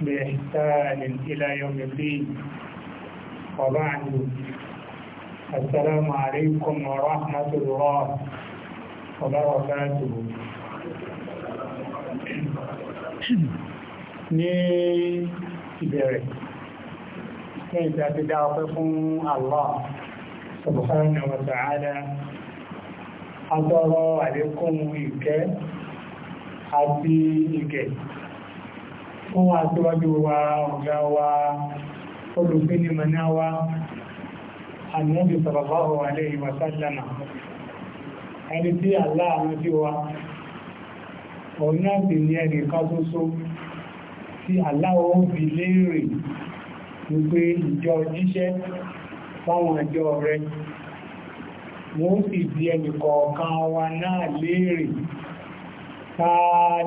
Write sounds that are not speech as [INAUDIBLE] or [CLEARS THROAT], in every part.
بإحسان إلى يوم الدين وبعد السلام عليكم ورحمة الله وبركاته [CLEARS THROAT] ní ìbẹ̀rẹ̀ ní ìta ti dá ọpẹ́ fún Allah subhanahu wa ta'ala agbọ́rọ̀ àlékún ìkẹ́ àti ìgẹ̀ fún wa síwájú wa ọ̀gá wa olùgbéni mọ̀ná wa ànábì sallallahu alayhi wa sallama ẹni tí aláàánú sí wa òun náà sì ní ẹnì kan tó só tí aláwọ̀ ń fi léèrè wípé ìjọ jíṣẹ́ fáwọn ìjọ rẹ̀ wọ́n sì di ẹnì kọ̀ọ̀kan wa náà léèrè ta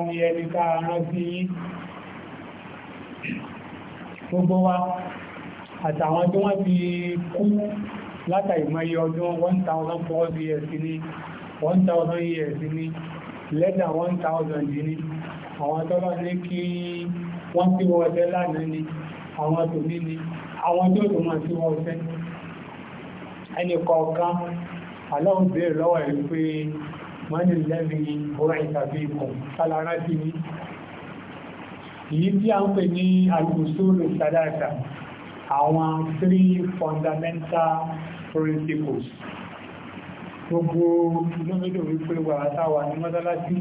ni ẹni ká rántí yìí gbogbo wa àtàwọn tí wọ́n fi kú látàrí mẹ́yẹ ọdún 1,400 years ní 1,000 years ní lẹ́dà 1,000 ní àwọn tọ́lọ́ ní kí wọ́n tí wọ́n ọ̀tẹ́ lánàá ní àwọn tó ní ní àwọn tí ó tó mọ̀ sí wọ́n ọ̀tẹ́ ẹni kọ̀ọ̀kan aláwọ̀ bèèrè lọ́wọ́ ẹ̀ pé mọ́nìlẹ́bìn orí èyí tí a ń pè ní alùsùlù sàdáàtà àwọn three fundamental principles gbogbo lómídò wípé wàrátàwà ní mọ́sálásí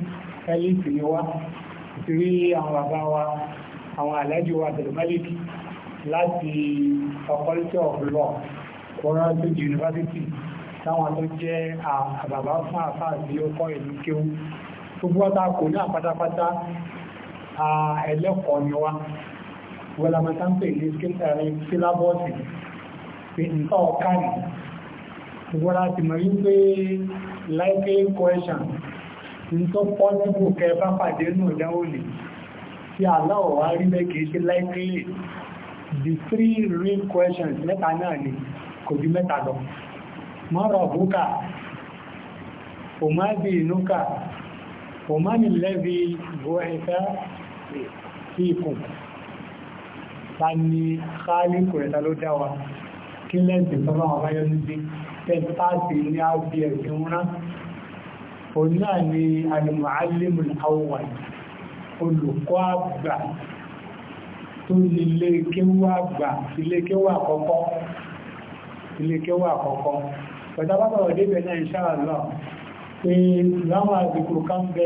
ẹlẹ́sì ni wá ìtìrí àwọn bàbá wa àwọn àlẹ́jù wa tẹ̀lẹ̀mẹ́lìkì láti faculty of law kọ́rọ́ tó di university táwọn tó jẹ́ àbàbá fún àfáà tí ó kọ́ ìlú kéwú gbogbo ọ̀tá kò ní àpátápátá ẹ̀ka ẹlẹ́kọ̀ọ́ ni wá wọ́n lámọ́ tá ń pè ní kíkàrin sílábọ́ọ̀sì pé nǹkan ọ̀ká ni wọ́n láti mọ̀ wípé láìpé question nǹkan pọ́sibù kẹ bá pàdé nù ìdánwò lè tí aláwọ̀ wá rí mẹ́kìí sí láìpé the three real questions mẹ́ta náà ni kò ju mẹ́ta lọ mọ́rọ̀ búkà òmáàbì inúkà òmáàbì lẹ́bí bó ẹ̀fẹ́ fíìkùn ta ni káàlìkù ẹ̀ta ló dá wa kí lẹ́ǹtì sọ́nà àbáyọ́ níbi tẹ́tàtì ní àbí ẹ̀sìn rán òun náà ni alìmọ̀álìmù àwọn olùkọ́ àgbà tó ní ilékéwà àgbà ilékéwà àkọ́kọ́ ilékéwà àkọ́kọ́ pẹ̀tàbátọ̀rọ̀ débẹ̀ náà ìṣáàlọ́ pé láwọn àgbègbè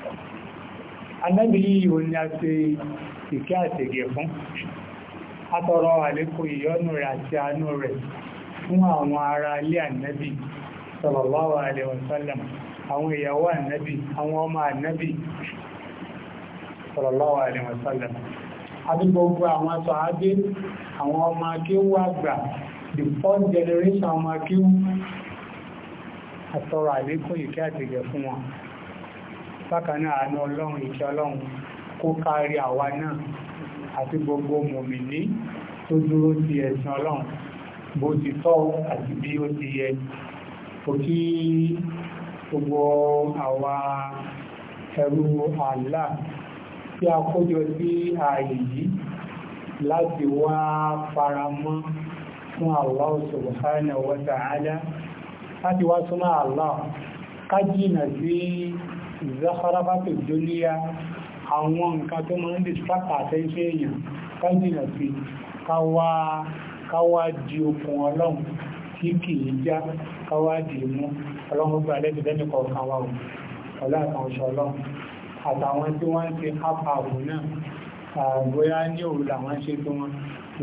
anábì yìí o ní a ṣe ìkẹ́ àtẹ̀gẹ̀ fún atọrọ àlékún ìyọ́nú rẹ̀ àti àánú rẹ̀ fún àwọn ará ilé ànábì sallallahu alaihi wasallam àwọn ìyàwó ànábì àwọn ọmọ ànábì sallallahu alaihi wasallam àbí gbogbo àwọn sàábé àwọn ọmọ akéwú àgbà the fourth generation ọmọ akéwú atọrọ àlékún ìkẹ́ àtẹ̀gẹ̀ fún wọn bákaná àánú ọlọ́run ìṣẹ́ ọlọ́run kó kárí àwa náà àti gbogbo mòmìnì tó dúró ti ẹ̀sìn ọlọ́run bó ti tọ́ àti bí ó ti yẹ kò kí gbogbo àwa ẹrú àlá tí a kójọ sí ààyè yìí láti wá faramọ́ fún Allah subhanahu wa ta'ala láti wá súnmọ́ Allah ká jìnà sí ìzáfarábátò dóníyá àwọn nǹkan tó máa ń distract àtẹ́ṣẹ́ èèyàn kájìnà sí káwá di okùn ọlọ́run tí kìí já káwá di mú ọlọ́run gbà lẹ́bí lẹ́bí kọ̀ọ̀kan wa ọ̀láàkan ọ̀ṣọ́ ọlọ́run àtàwọn tí wọ́n ti ápààbò náà bóyá ní òru làwọn ṣe tó wọn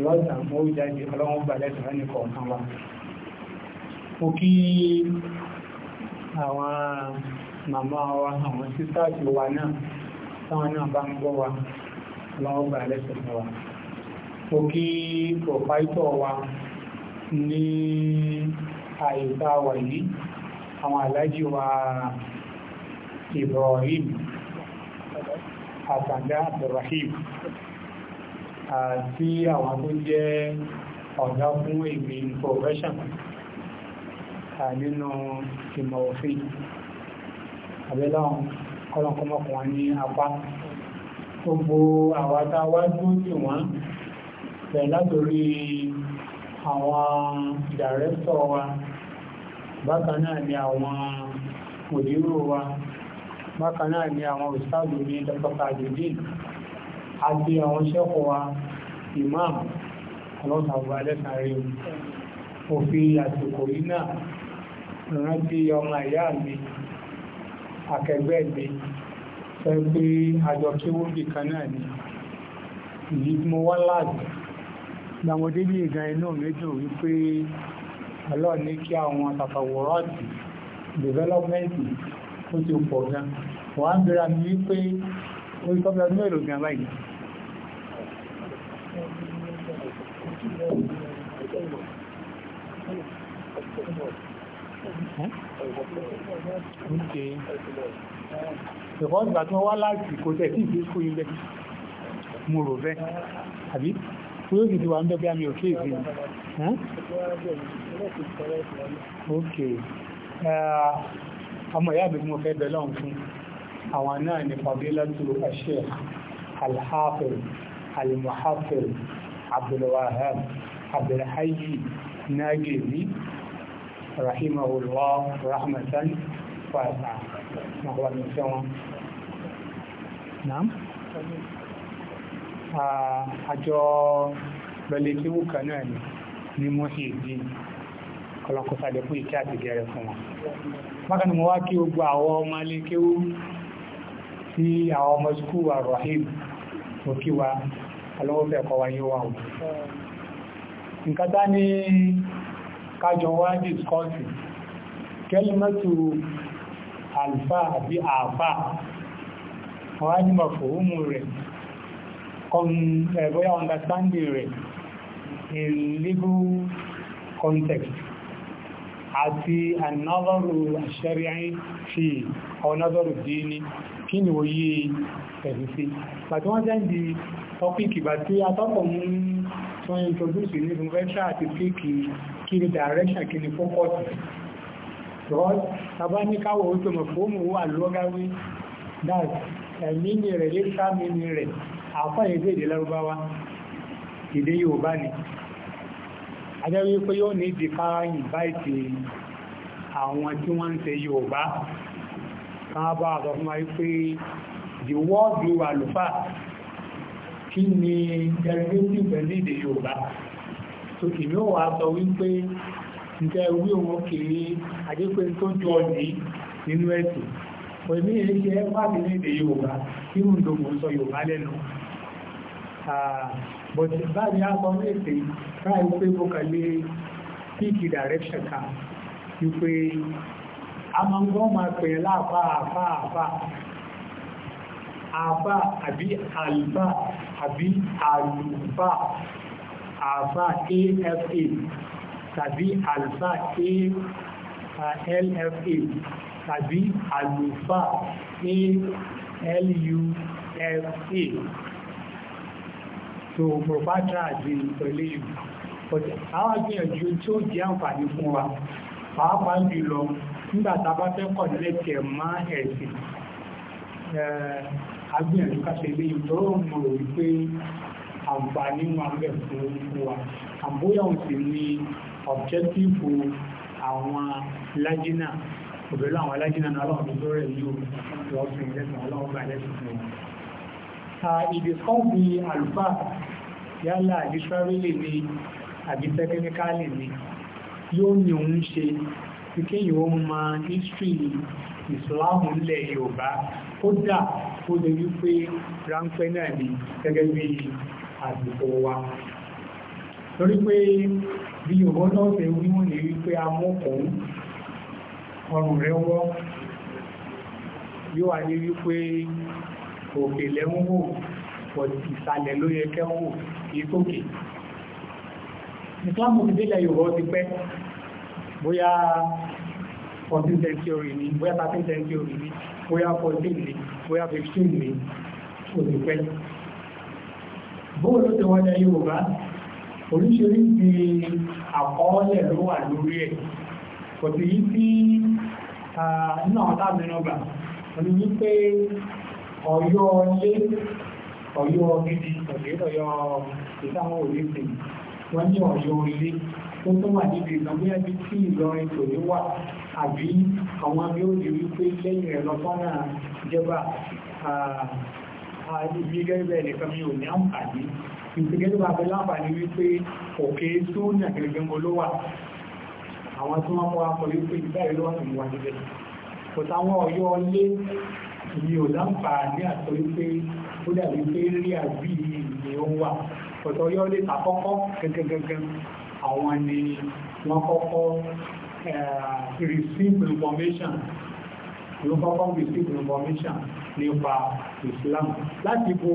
lọ́sàn ó jáde ọlọ́run gbà lẹ́bí kọ̀ọ̀kan wa màmá wa àwọn sísáàtì wa náà táwọn náà bá ń gbọ́ wa láwọn gbà lẹ́sẹ̀ fún wa mo kí pòfáìtọ̀ wa ní àyíká wà yìí àwọn alájí wa Ibrahim àtàndá Abdulrahim àti àwọn tó jẹ́ ọ̀dá fún ìgbìn profession nínú ìmọ̀ òfin àbẹ́láwọn kọ́lọ̀kọ́mọ́kùn wọn ní apá gbogbo àwátá wá dúró tì wọ́n bẹ̀ látòrí àwọn dàrẹ́sọ̀ wa bákan náà ni àwọn òdírò wa bákan náà ni àwọn òṣìṣàgbò ní dọ́kọ̀tà àjòjì àti àwọn ṣẹ́kọ̀ọ́ wa imam ọlọ́sàgbà alẹ́sàrí òfin àsìkò yìí náà rántí ọmọ ìyá mi akẹgbẹ́ mi fẹ́ pé àjọ kéwú nìkan náà ni ìyí tí mo wá láàgbà làwọn débí ìgbà inú méjì wípé alọ́ ní kí àwọn tàtàwọ̀rọ̀tì dìvẹ́lọ́pẹ́ntì tó ti pọ̀ gan wọ́n á ń mi wípé ó ti tọ́bẹ̀ ọdún èrò gan báyìí Thank you ṣe ìkọ́ ìgbà tí wọ́n wá láti kò tẹ̀ sí ìgbé fún ilẹ̀ mo rò bẹ́ àbí kúrò sì ti wà ń bẹ́ bí àmì òkè ìgbé ok ọmọ ìyá àbẹ̀kú mo fẹ́ bẹ̀ lọ́n fún àwọn náà ní fàbílátù àṣẹ alhafiz almuhafiz abdulwahab abdulhayi nagiri rahimahullah rahmatan wasa na wà ní sọ wọn. Naam. Àjọ ah, Bẹ̀lẹ̀kíwù kan náà ni ní Mọ́hìdín kọlọ́kọ́ sàdẹ̀kú ìkẹ́ àti gẹ̀rẹ̀ fún wọn. Bákan ni mo wá kí gbogbo àwọn ọmọ alékéwú sí àwọn ọmọ skúù àrọ̀hìm òkíwa alọ́wọ́fẹ́ ẹ̀kọ́ wa yóò wà wọ́n. Nǹkan tá ní kájọ wá dìskọ́sì kẹlìmọ́tù alfa àbí àfà wọ́n á ní mọ̀ fòhúnmù rẹ̀ eh, bóyá understanding rẹ̀ in legal context àti anọ́lọ́rù àṣẹ́rìn fi ọ̀nọ́lọ́rù dìíní kí ni wò yí ẹ̀rù sí pàtí wọ́n jẹ́ndì tọ́pìkì bá tí atọ́pọ̀ mú tí wọ́n introduce ní ìfúnfẹ́ kí ni direction kí ni focus because tàbá ní káwọ̀ ó tó mọ̀ fóòmù wà lọ́gáwí that ẹ̀mí ni rẹ̀ lè sáàmì ni rẹ̀ àfá ìdé èdè lárúbáwá èdè Yorùbá ni ajáwí pé yóò ní ìdí ká ìbáìtì àwọn tí wọ́n ń ṣe Yorùbá kan bá àtọ́ fún wáyé pé the world you are lufa kí ni derivative pẹ̀lú èdè Yorùbá so èmi ò wá sọ wípé nǹkan ewé òun kéré àdépé tó jọ ní nínú ẹ̀sìn òní iléeṣẹ́ wà nílé èdè Yorùbá tí mò ń lo mò ń sọ Yorùbá lẹ́nu but báyìí a sọ léèdè ráì pé mo kàn direction kan wípé a máa ń gbọ́ máa pè láàfà àfà àfà àfà àbí àlùfà àbí àlùfà alfa afa tàbí alfa alfa tàbí alufa alufa so propatra àti pẹ̀lú ìlú ọ̀tẹ̀ àwọn agbìyànjú tí ó jẹ́ àǹfààní fún wa pàápàá jùlọ nígbà tá a bá fẹ́ kọ̀ lẹ́tẹ̀ mọ́ ẹ̀sìn agbìyànjú káṣe ilé ìtọ́rọ̀ mọ̀ wípé àǹfààní máa bẹ̀ fún wa àbóyá òun sì ní ọ̀bjẹ́tífù àwọn lájínà òbẹ̀lú àwọn alájínà náà lọ́wọ́ tó rẹ̀ yóò lọ́sùn ìlẹ́sìn ọlọ́wọ́ bá lẹ́sìn fún wọn. ta ìdìkọ́bí àlùfáà yálà àdìsárélè ni àbí tẹ́kẹ́míkálì ni yóò ní òun ṣe tí kéyìn ma history ìsìláàmù ilẹ̀ Yorùbá kódà ó lè wípé ráńpẹ́ náà ni gẹ́gẹ́ bí àsìkò wa torí pé bí Yorùbá náà ṣe wí wọ́n lè rí pé amókùn ọrùn rẹ̀ wọ́ yóò wá ní wípé òkè lẹ́wọ́n wò pọ̀ ìsàlẹ̀ ló yẹ kẹ́wọ́n wò kìí tókè ìsìláàmù ti délẹ̀ Yorùbá ti pẹ́ bóyá 14th century ni bóyá 13 century ni bóyá 14 ni bóyá 15 ni ó pẹ́ bóòlù ló ti wọ́n jẹ́ Yorùbá oríṣiríṣi àkọọ́lẹ̀ ló wà lórí ẹ̀ kò sí yí sí náà tábìnàbà ní wípé ọ̀yọ́ ilé ọ̀yọ́ gidi ọ̀dẹ́ ọ̀yọ́ ìsáwọn òlẹ́sìn wọ́n ní ọ̀yọ́ ilé tó tó wà níbi ìgbàmúyà bí tí Ìlọrin tò ní wà àbí àwọn abẹ́ òdì wípé lẹ́yìn rẹ̀ lọ́sọ́nà jẹba ààrí mi gẹ́gẹ́ nìkan mi ò ní àǹfààní ìsìnkẹ́ tó bá fẹ́ láǹfààní wípé òkè tó ní àgẹ́gẹ́ olówà àwọn tí wọ́n mọ́ akọ̀ wípé ìgbáyé ló wà ní wà níbẹ̀ kò táwọn ọ̀yọ́ lé mi ò láǹfààní àtọ́ wípé ó dàbí pé rí àbí ìyẹn ó wà ọ̀tọ̀ ọ̀yọ́ lé tàkọ́kọ́ gẹ́gẹ́gẹ́gẹ́ àwọn ni wọ́n kọ́kọ́ eh, receive information ló kọ́kọ́ receive information nípa Islam láti bo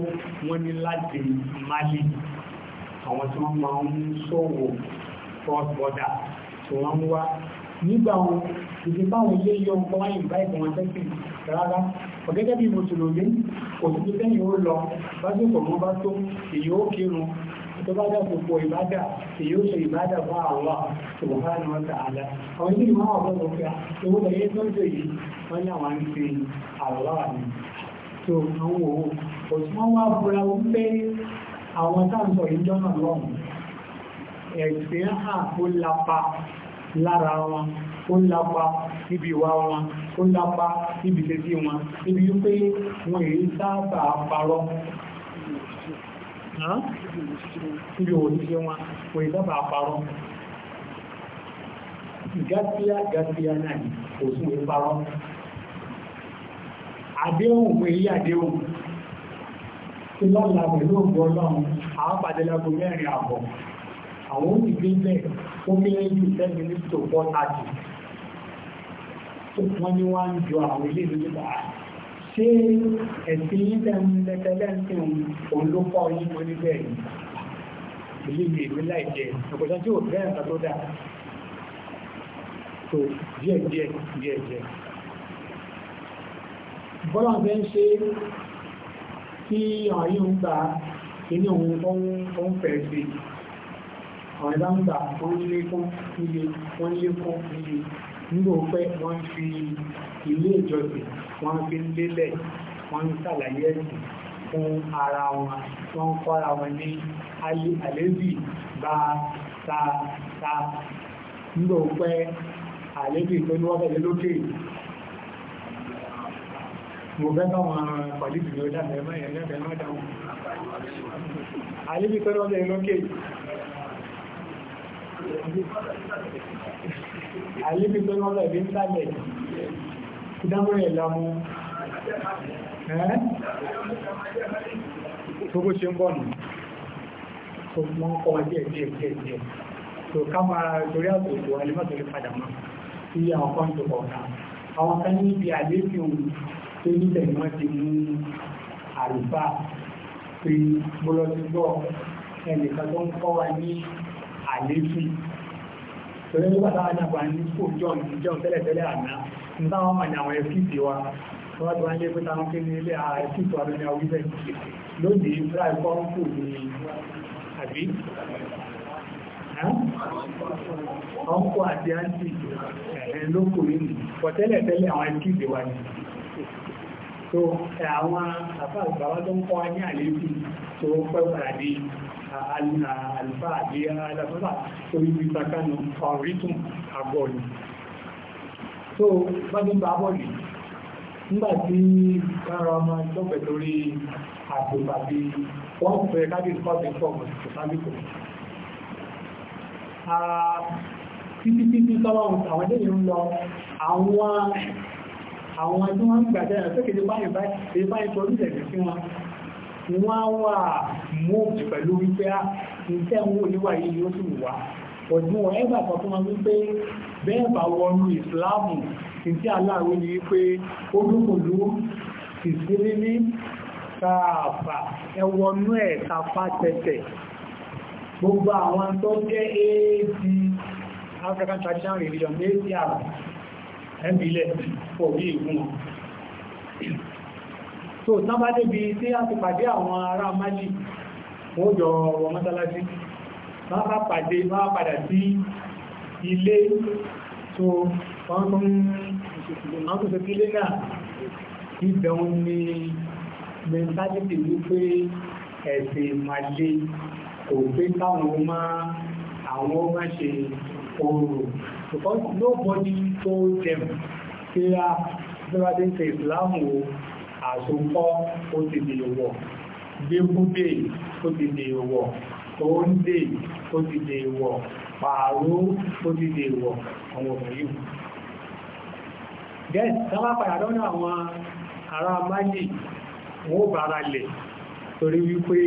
wọ́n ní láti Mali àwọn tí wọ́n máa ń ṣòwò cross border tí wọ́n ń wá nígbà wọn ìdí báwọn ilé yọ nǹkan wáyé báyìí kan wọ́n tẹ́sí rárá ọ̀gẹ́gẹ́ bí mùsùlùmí kò sí sẹ́yìn ó lọ lásìkò wọn bá tó èyí ó kírun tó bá dá gbogbo ìbádà èyí ó ṣe ìbádà bá àwọn subhanahu wa ta'ala àwọn ilé ìwọ̀n àwọn ọ̀gbọ́n tó fẹ́ owó lẹ́yìn tó ń ṣe yìí wọ́n ní àwọn ń ṣe àlọ́ àmì tó máa ń wò ó òtún wọn wá búra wípé àwọn táǹsọ ìjọ náà lọ́wọ́ ẹ̀sìn hàn ó lápa lára wọn ó lápa níbi ìwà wọn ó lápa níbi tẹ́sí wọn níbi wípé wọn èyí sábà parọ́ níbi òṣìṣẹ́ wọn kò ì sábà parọ́ gáfíà gáfíà náà kò sí ìparọ́ àdéhùn fún èyí àdéhùn tí lọ́la pẹ̀lú ògbò ọlọ́run àwọn pàdé lágbo mẹ́rin àbọ̀ àwọn òmìnirí bẹ́ẹ̀ ó mẹ́rin jù ten minutes to four thirty tó wọ́n ní wá ń jọ àwọn ilé ìlú nípa ṣé ẹ̀sìn ìdẹ̀mú lẹ́tẹ̀lẹ́sìn òun ló fọ́ yín mọ́ níbẹ̀ yìí ilé ìwé ìwé láìjẹ ọ̀pọ̀lọpọ̀ tí ò bẹ́ẹ̀ bọ́lá ń ṣe kí ààyè ń gbà inú òun tó ń fẹ́ sí àwọn ìbá ń gbà wọ́n lé fún ilé wọ́n lé fún ilé nígbò pẹ́ wọ́n fi ilé ìjọsìn wọ́n fi lélẹ̀ wọ́n ṣàlàyé ẹ̀sìn fún ara wọn wọ́n kọ́ra wọn ní àlébì bá ta ta nígbò pẹ́ àlébì tó ní wọ́n fẹ́ lókè mo fẹ́ bá wọn pàdébì ló dábẹ̀ mẹ́rin lẹ́bẹ̀ má dáhùn àlébì tó rọ́lẹ̀ lókè àlébì tó rọ́lẹ̀ bí ń sálẹ̀ ìdámọ́rẹ̀ lámú ẹ́ tó bó ṣe ń bọ̀ nù tó mọ́ ń kọ́ díẹ̀ díẹ̀ díẹ̀ díẹ̀ tó ká máa torí àtòkò alẹ́mọ́tòrí padà mọ́ sí àwọn kan tó kọ̀ọ̀kan àwọn kan pé níbẹ̀ ni wọ́n ti mú àlùfà pé bọ́lọ́dúgbọ́ ẹnìkan tó ń kọ́ wa ní àléfì tọ́lẹ́ nígbà táwọn àjàgbà ní school john john tẹ́lẹ̀tẹ́lẹ̀ àná ní táwọn mọ̀ ní àwọn ẹ̀fíìsì wa wọ́n ti wá ń lé pé táwọn kí ní ilé ẹ̀fíìsì wa ló ní àwọn ìfẹ́ lónìí fúláì kọ́ńkù ní àbí ọ̀nkọ́ àti àǹtì ẹ̀ẹ́ lókùnrin pọ̀tẹ́lẹ̀tẹ́lẹ̀ àwọn ẹ̀fíìsì wa ni tó eh, àwọn àfà àgbàwá tó ń kọ́ ní àlékù tó pẹ́ pàdé àlùfà àdé aláfàfà tó ibi takánu ọ̀rítùn àbọ̀lù tó bọ́dún bá bọ́ọ̀lù nígbà tí kára ọmọ ìjọpẹ̀ lórí àgbò tàbí wọ́n fẹ́ kábíyèsí kọ́ọ̀tì fọ́ọ̀mù ìtàbíkò títí títí tọ́lọ́run ń lọ àwọn tí wọ́n ń gbàjẹ́ rẹ̀ sókè báyìí báyìí tó ní ẹ̀sìn sí wọn wọ́n wà moved pẹ̀lú wípé ah, iṣẹ́ ń wò níwà yìí yóò sì wà ọdún wọn ẹgbà kan fún wọn wípé bẹ́ẹ̀ bá wọnú ìsìláàmù tí aláàrú ni wípé olúkòlú ìsinmi ní sáàfà ẹwọnú ẹ̀ tapá tẹ̀tẹ̀ gbogbo àwọn tó jẹ́ AD African Traditional Religion AD ẹ̀mí ilẹ̀ pọ̀ bí ìgún so tábá débi tí a ti pàdé àwọn ará májì wọ́n jọ wọ mọ́sálásí bá pàdé bá padà sí ilé tó wọ́n tó ṣe kílé náà ìbẹ̀un ni mentality wípé ẹ̀sìn ìmàlẹ̀ kò pé káwọn máa àwọn máa ṣe oòrùn because nobody told them a bíwádé ṣe ìsìláàmù o àṣòkọ́ ó ti di ìwọ̀ gbégúdé ó ti di ìwọ̀ oúnjẹ ó ti di ìwọ̀ pààrọ̀ ti di àwọn ọmọ yìí then sábà padà lọ́nà àwọn ará májì wọ́n ó bára lẹ̀ torí wípé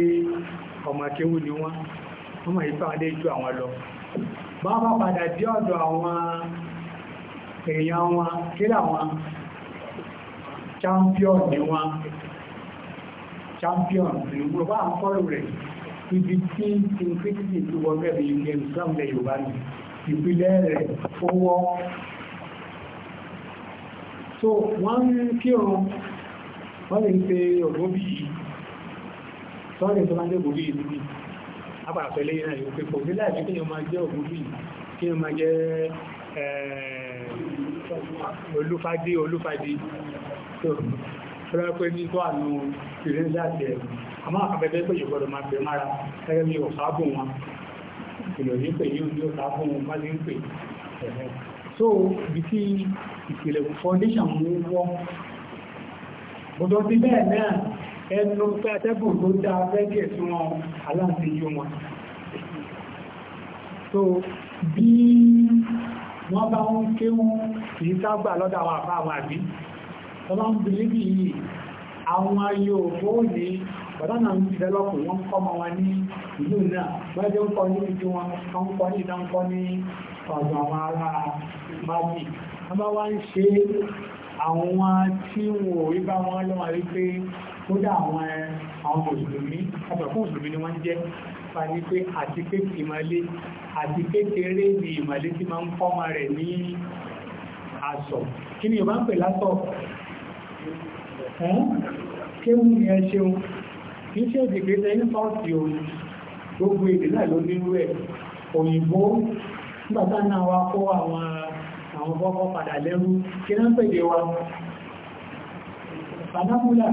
ọmọ akéwù ni wọ́n wọ́n mọ̀ ìpàdé ju àwọn lọ bá bá padà dí ọ̀dọ̀ àwọn èèyàn wọn kílà wọn champion ni wọn champion ni wọ́n bá ń kọ́rù rẹ̀ ibi tí infinity ti wọ́n rẹ̀ bí ilé ìsọ́mlẹ̀ Yorùbá ni ìpìlẹ̀ rẹ̀ fọwọ́ so wọ́n ń kírun wọ́n lè ń pe ògbóbì yìí sọ́rọ̀ ìsọ́mlẹ̀ ògbóbì yìí apàpẹ̀lẹ̀ yìí náà yóò pé kò nílẹ̀ àti kéèyàn máa jẹ́ ògúnlù yìí kéèyàn máa jẹ́ olúfádé olúfádé tó rẹ́ pé ní tó àánú ìrìnlẹ̀ àti ẹ̀rù àmọ́ àpapẹ̀lẹ̀ pé yóò gbọ́dọ̀ máa bẹ̀ mára gẹ́gẹ́ bí ọ̀sáàbùn wọn ìlòyìn pè yóò ní ọ̀sáàbùn wọn bá ẹnu pé atẹ́gùn tó dá fẹ́gẹ̀ sí wọn aláǹtí yíò wọn so bí wọ́n bá ń kéwú kìí ságbà lọ́dọ̀ àwọn àbá àwọn àbí wọ́n bá ń bìlíbì yìí àwọn ayò fóòní bàtánà ń dẹ́lọ́pù wọ́n kọ́ ma wa ní ìlú náà wájẹ́ ń kọ́ ní ìdí wọn ń kọ́ ní ìdánkọ́ ní ọ̀dọ̀ àwọn ará májì wọ́n bá wá ń ṣe àwọn tí wọ́n rí bá wọn lọ́wọ́ rí pé kódà àwọn àwọn mùsùlùmí ọ̀pẹ̀kún mùsùlùmí ni wọ́n jẹ́ fani pé àti pé ìmọ̀lé àti kékeré ni ìmọ̀lé tí máa ń fọ́mọ rẹ̀ ní àsọ̀ kí ni ìbá ń pè látọ̀ kéwù ni ẹ ṣeun kì í ṣe ìdìgbé tẹ́ ní sọ́ọ̀tì o gbogbo èdè náà ló nírú ẹ̀ òyìnbó nígbàtá náà wá kó àwọn àwọn bọ́kọ́ padà lẹ́rú kí náà pèdè wa panábúlà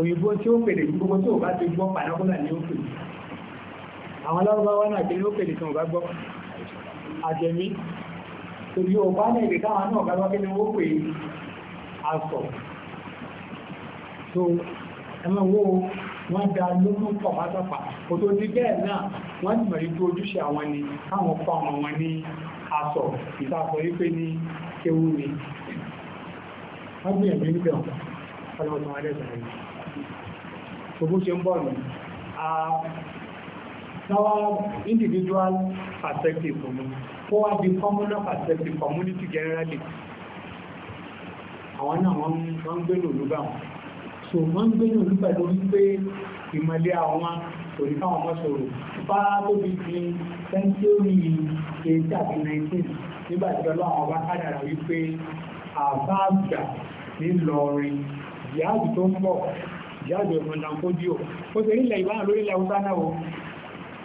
òyìnbó tí ó pèlè gbogbo tí ó bá ti gbọ́ panábúlà ní ó pèlè àwọn lọ́rọ̀báwá náà tí ó pèlè tí wọ́n bá gbọ́ àjẹmí torí ó bá ní èdè káwọn náà gbágbá kí ni ó pè àsọ̀ so ẹmọ wo wọ́n da lókùn pọ̀ pátápá kò bẹ́ẹ̀ náà wọ́n ti mọ̀ wípé ojúṣe àwọn ni káwọn kọ́ ọmọ wọn ní àsọ̀ ìtàkọ̀ wípé ní kéwú ni wọ́n gbìyànjú níbẹ̀ ọ̀pọ̀ ọlọ́run wa lẹ́sàn rẹ̀ ṣogbó ṣe ń bọ̀ ní àwọn individual perspective ọmọ kó wá bí communal perspective community generally àwọn náà wọ́n ń gbé lòlúgbà wọn so wọ́n ń gbé lòlúgbà lórí pé ìmọ̀lẹ́ àwọn torí káwọn ọmọ sọ̀rọ̀ bá tóbi di sẹ́ńtúrì eight àti nineteen nígbà tí ọlọ́run ọba kádàrà wípé àbá àgbà ńlọrin jihadi tó ń bọ̀ jihadi ọmọdàkójú ó ṣe ilẹ̀ ìwá lórílẹ̀ ọ̀sá náà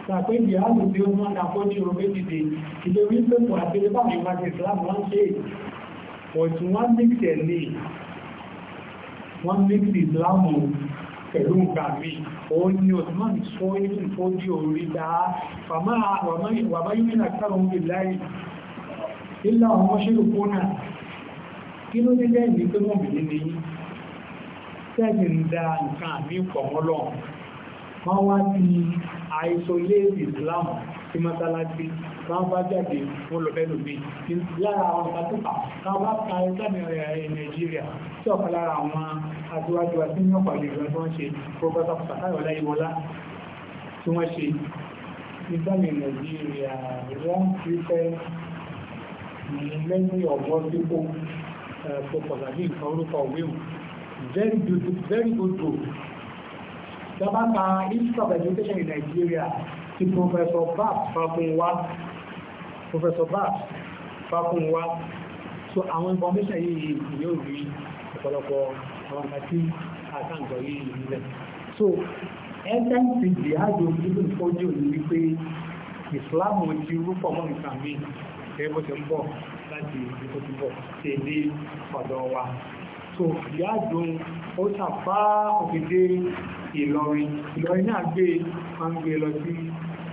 sàpé jihadi tí ó mọ́dàkójú ó méjìdè ilé wípépù àti ilébàmì ìwádìí Islam wọ́n ṣe ọ̀tún wọ́n mix ẹ̀ ní wọ́n mix Islam pẹ̀lú nǹkan mi òun ni osman sọ ìrìn fójí orí dáa wàmá yìí nà sáàrùn bí láì ilá ọmọ ṣe rùkúnà kí ló dé jẹ́ ìdí pé mọ̀ bí nínú yìí sẹ́ẹ̀dì ń da nǹkan àmì ìfọ̀mọ́lọ̀ wọ́n wá ti isolate Islam sí mọ́sálásí wọ́n bá jáde wọ́n lọ bẹ́ẹ̀ lómi lára àwọn ìpàtúpà wọ́n bá ka ìsàmì rẹ̀ Nàìjíríà tí ọ̀kan lára àwọn aṣíwájú àti ní ọ̀pọ̀ àlejò tí wọ́n ṣe Professor Fatai Ọláyíwọlá tí wọ́n ṣe ìsàmì Nàìjíríà wọ́n ti fẹ́ mẹ́rin ọ̀gbọ́n dípò tó tàbí nǹkan orúkọ òwéwù very good very good book ìjọba ka history of education in Nigeria ti Professor Bab Fakunwa Professor Bab Fakunwa so àwọn information yìí yóò rí ọ̀pọ̀lọpọ̀ àwọn àti àtàǹkọ̀ yìí nílẹ̀ so ẹgbẹ́ǹsì jihadu ìlú ìfọ́jú ní wípé ìsìláàmù ti rúpọ̀ mọ́ nǹkan mi ẹgbẹ́ bó ti ń bọ̀ láti ìdíkò ti bọ̀ tẹ̀lé ọ̀dọ̀ wa so ìyá àdùn ó tàfá òfìdé ìlọrin ìlọrin náà gbé máa ń gbé lọ sí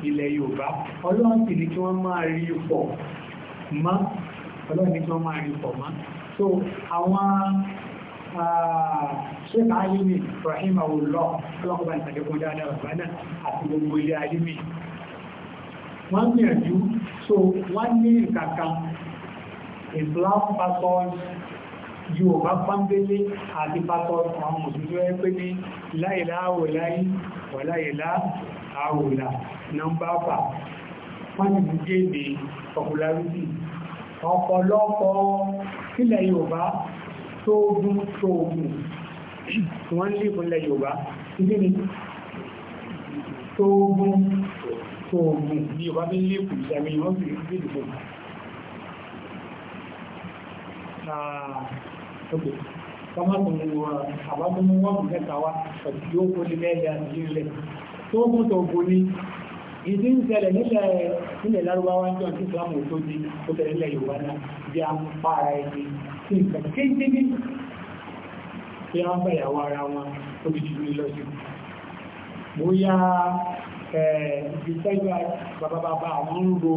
ilẹ̀ yorùbá ọlọ́run sì ní kí wọ́n máa rí pọ̀ mọ́ ọlọ́run ní kí wọ́n máa rí pọ̀ mọ́ so àwọn ṣéka alimi rahim awolọ́ ọlọ́run bá ìsàdékun dáadáa bàbá náà àti gbogbo ilé alimi wọ́n gbìyànjú so wọ́n ní ìkàkà Islam pastors Yorùbá pàmbélé àti pàtọ́ àwọn mùsùlùmí rẹ̀ pé ní láìlá àwòláyí wà láìlá àwòlá nọmbà fà wọ́n ti jẹ́ èdè popularity ọ̀pọ̀lọpọ̀ sílẹ̀ Yorùbá tóògùn tóògùn wọ́n lè fúnlẹ̀ Yorùbá ilé ni tóògùn tóògùn ní Yorùbá bí lè kù ìṣẹ́mi wọ́n fi rí ok kama kun àbá tó mú wọn kùn kẹta wa pẹ̀lú yóò kó lé mẹ́ẹ̀dá nílẹ̀ tó mú tó bo ní ìdí ń ṣẹlẹ̀ nílẹ̀ nílẹ̀ lárúbáwá ń jọ tí islam ò tó di ó tẹ̀lé nílẹ̀ yorùbá náà bí a ń pa ara ẹni tí nǹkan kéńté ní bí a ń bá ìyàwó ara wọn ó ti jù ní lọ sí bóyá ìgbésẹ́gbà bàbàbàbà àwọn ń ro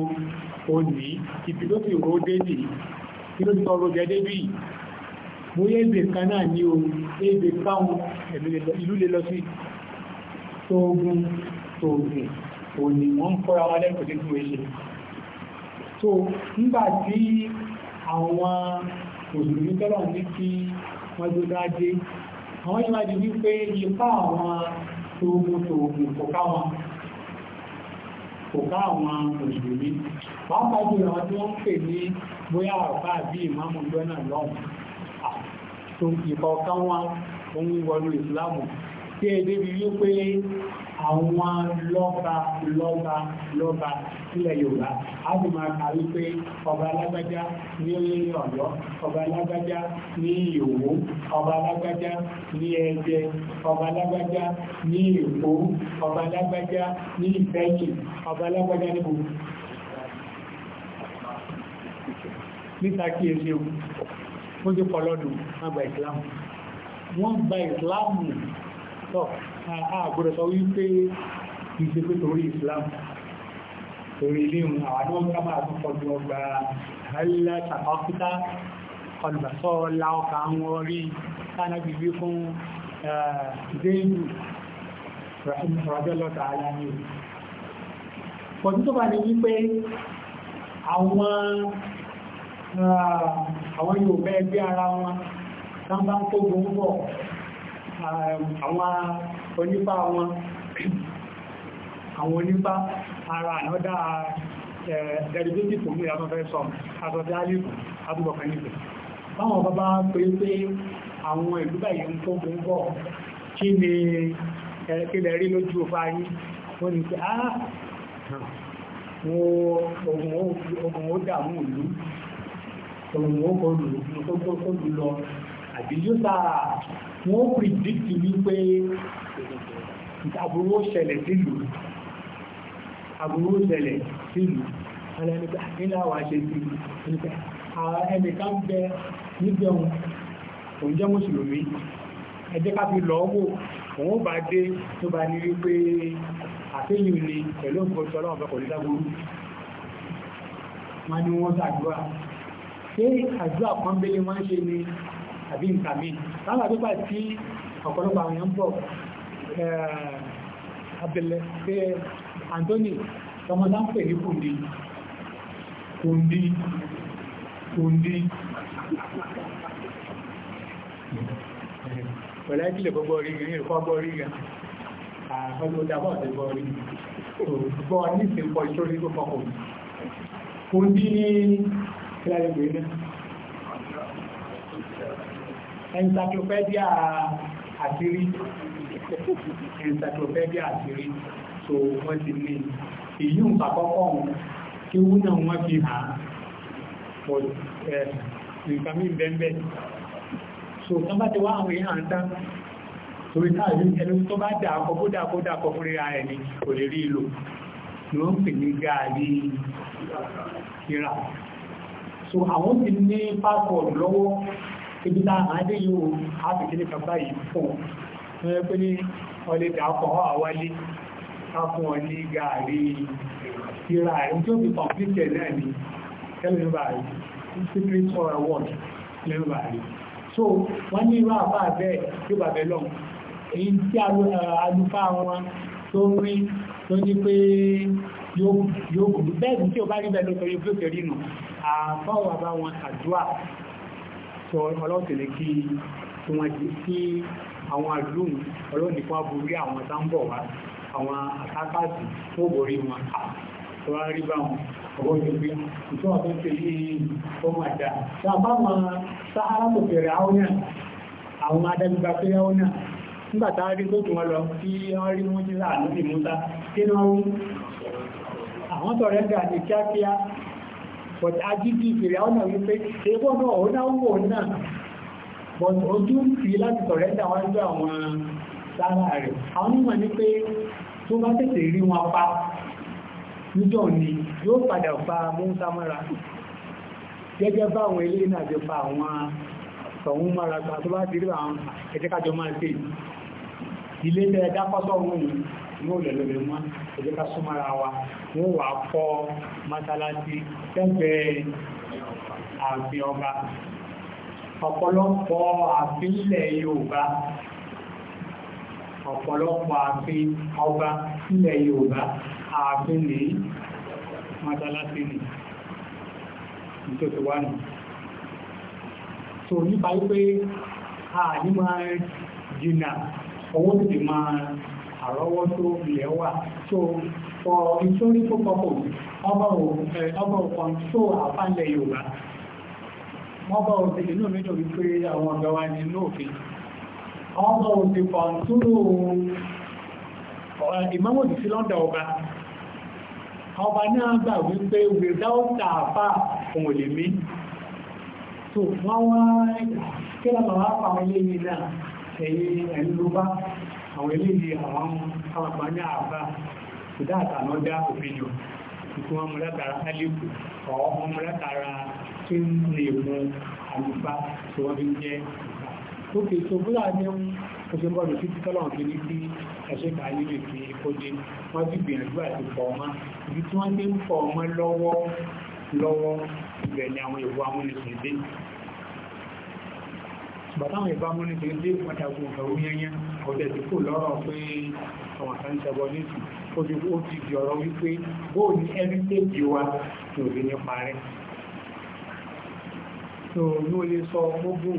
òní ìbílókè ro dé nì kí ló ti sọ ro gẹ́gẹ́ bíi bóyá èdè kan náà ní o èdè káwọn ìlú lè lọ sí tóògùn tóògùn òní wọ́n kọ́ra wọn lẹ́kọ̀ọ́ tí wọ́n ṣe so nígbà tí àwọn òṣèlú tọ́lọ̀ ní kí wọ́n tó dáadé àwọn yìí máa di wípé ipá àwọn tóògùn tóògùn kò káwọn kò ká àwọn òṣèlú pàápàá jùlọ àwọn tí wọ́n pè ní bóyá ọ̀pá àbí ìmáàmù gbọ́nà lọ́wọ́ so ìkọ̀ọ̀kan wọn òun wọlú ìsìláàmù tí ẹ débi wípé àwọn lọ́ba lọ́ba lọ́ba sílẹ̀ yorùbá a sì máa kà wípé ọba alágbájá ní ọ̀yọ́ ọba alágbájá ní ìyòwó ọba alágbájá ní ẹ̀jẹ ọba alágbájá ní èkó ọba alágbájá ní ìfẹ́yìn ọba alágbájá ní gbogbo níta ẹ ṣeun fún jí pọ̀lọ́dún wọ́n Islam. ìsìláàmù wọ́n gba ìsìláàmù tọ́ àgbọ̀dọ̀ sọ wípé ìṣẹ́ pé torí ìsìláàmù torí ilé ìrìn àwọn àwọn ọmọ àwọn ọmọ ọgbà àhálà tàkọ́kítà ọlùbàṣọ́ láọkà wọn rí sánábìbí fún zéèlù rọ̀jọ́lọ́ta aláàrí pọ̀tí tó bá ní wípé àwọn àwọn yóò bẹ́ ẹgbẹ́ ara wọn tán bá ń kó um, àwọn onífá wọn àwọn onífá ara ànádá dẹ̀rẹ̀dẹ́tì tó mú ìyàtọ̀ fẹ́ sọ àtọ̀tẹ́ alìkù àtúbọ̀kan nífẹ̀ báwọn bàbá pé pé àwọn ìlú báyìí ń kó gbogbo kí ni kílẹ̀ rí lójú ọba yìí ó ní pé ah ogun ó dàmú ìlú òun ó kọ́ lò ó lò lọ àbí yóò sára wọ́n predict wípé àbúrò ṣẹlẹ̀ sílùú àbúrò ṣẹlẹ̀ sílùú alẹ́nipá nílá wà ṣe sí nípa àwọn ẹnìká ń bẹ níbẹ̀ wọn òun jẹ́ mùsùlùmí ẹjẹ́ ká fi lọ wò òun bá dé tó bá ní wípé àtẹ́yìn ni pẹ̀lú nǹkan tí ọlọ́run fẹ́ kọ̀ nígbàgbórú wọn ni wọ́n ṣàdúrà ṣe àjọ àpọ́nbélé wọ́n ṣe ní àbí ìtàmí láwọn àgbégbà tí ọ̀pọ̀lọpọ̀ àwọn èèyàn bọ̀ eh, abẹ̀lẹ̀ pé Anthony tọmọdá ń pè ní kùndí kùndí kùndí pẹ̀lá ìpìlẹ̀ gbogbo orí rẹ̀ ìrìkọ́ gbogbo orí rẹ̀ ah, àgbọ́gbọ́dàbọ̀ ọ̀tẹ̀ gbogbo orí gbọ́ ní ìsìnkọ́ ìṣórí gbogbo kùndí kíláyé pé ní encyclopedia àṣírí encyclopedia àṣírí so wọ́n ti ní èyí ń pàkọ́kọ́ kí wú náà wọ́n fi hàn pọ̀ eh, nǹkan mí bẹ́ẹ̀ so tán bá ti wá àwọn èèyàn tán torí káàrí ẹni tó bá dáàkọ́ bó dáàkọ́ dáàkọ́ fún ríra ẹni kò lè rí ìlò ni wọ́n pè ní gáàrí kíra so àwọn ti ní pápọ̀lù lọ́wọ́ ibi náà àádé yóò áfìkiri kàbá yìí fún ẹ pé ní ọlẹ́ dàápọ̀ àwálé káfún ọlé gàárí ìrà ẹ̀ tí ó fi kọ̀mpútẹ̀ náà ni ẹlẹ́nubà rí secret or award ẹlẹ́nubà so wọ́n ní irú àbá bẹ́ẹ̀ tí ó bà bẹ́ lọ́n èyí tí alùfáà wọn tó rí tó ní pé yóò bẹ́ẹ̀ tí ó bá rí bẹ́ẹ̀ àfáwà bá wọn àdúà sọ ọlọ́tẹ̀lẹ̀ kí wọ́n jí sí àwọn àdúrùn ọlọ́nìkan aborí àwọn táǹbọ̀ wá àwọn àtàkàtì tó borí wọn tó wá rí bá wọn ọwọ́ tó gbé ìtọ́ àtọ́ tẹ̀ ní ọmọ àdá tó àbá wọn sáárà tó fẹ̀rẹ̀ àwọn náà àwọn adágbígbà pé àwọn náà nígbà tá a rí tó tún wọn lọ tí wọ́n rí wọn jí láàánú ìmúta kí ni wọ́n àwọn tọ̀rẹ́ dà ní kíákíá but agídí ìfìrẹ́ ọ̀nà wípé ẹgbọ́ náà ó náà wò náà but ojú ń fi láti sọ̀rẹ́dà wá jọ àwọn sára rẹ̀ àwọn onímọ̀ ní pé tó bá tètè rí wọn pa níjọ́ ni yóò padà fa mọ́ńsá mọ́ra gẹ́gẹ́ bá àwọn ilé náà ti fa àwọn sọ̀hún mọ́ra gbà tó bá ti rí àwọn ẹ̀jẹ̀kájọ máa ṣe ilé tẹ́ dápọ́sọ̀ ọ̀hún yóò lẹ̀lọ́lẹ̀ mọ́ ẹjẹ́ ká súnmọ́ra wa wọ́n wà fọ́ mọ́sálásí lẹ́gbẹ̀ẹ́ ààfin ọba ọ̀pọ̀lọpọ̀ ààfin ilẹ̀ Yorùbá ọ̀pọ̀lọpọ̀ ààfin ọba ilẹ̀ Yorùbá ààfin ní mọ́sálásí ni nítorí wà nù tó nípa wípé ààyí máa jìnà owó tètè máa àrọ́wọ́tó ilẹ̀ wà so for historical purpose ọba ò control àfáàlẹ̀ yorùbá wọ́n bá òsì inú mi dùn wípé àwọn ọ̀gá wa ní lóòfin wọ́n bá òsì kọ̀ǹtúrò ìmọ̀mọ̀dì sí lọ́dọ̀ ọba ọba náà gbà wípé without àfà òun ò lè mí so wọ́n wá kí lọ́mọ̀ wá pa ilé yìí náà ẹ̀yìn ẹ̀lú bá àwọn eléyìí àwọn àpá ní àbá ìdá àtànà dá òfin jù ìfún wọn múlátara alìkù ọ̀ wọn múlátara tí ń lè mú àlùfá tí wọ́n fi ń jẹ́ òkè tó búlá ní oṣù bọ́ọ̀lù títí tọ́lọ̀ fi ní sí ẹ̀ṣẹ́ kàáyé lè fi kóde wọ́n ti gbìyànjú àti fọ̀ọ́mọ́ ibi tí wọ́n ti ń fọ̀ọ́mọ́ lọ́wọ́ lọ́wọ́ ibẹ̀ ni àwọn ìwọ amúnisìn dé bàtàwọn ìbámu ní tèé dé pàtàkì ìfẹ̀wò yẹnyẹ ọ̀dẹ̀ tí kò lọ́rọ̀ pé ọ̀wọ̀ta ń sẹ́bọ̀ nìtì ó ti ó ti di ọ̀rọ̀ wípé bó ní ẹni tèjì wa tí òbí ní parẹ́ tó ní ó lè sọ gbogbo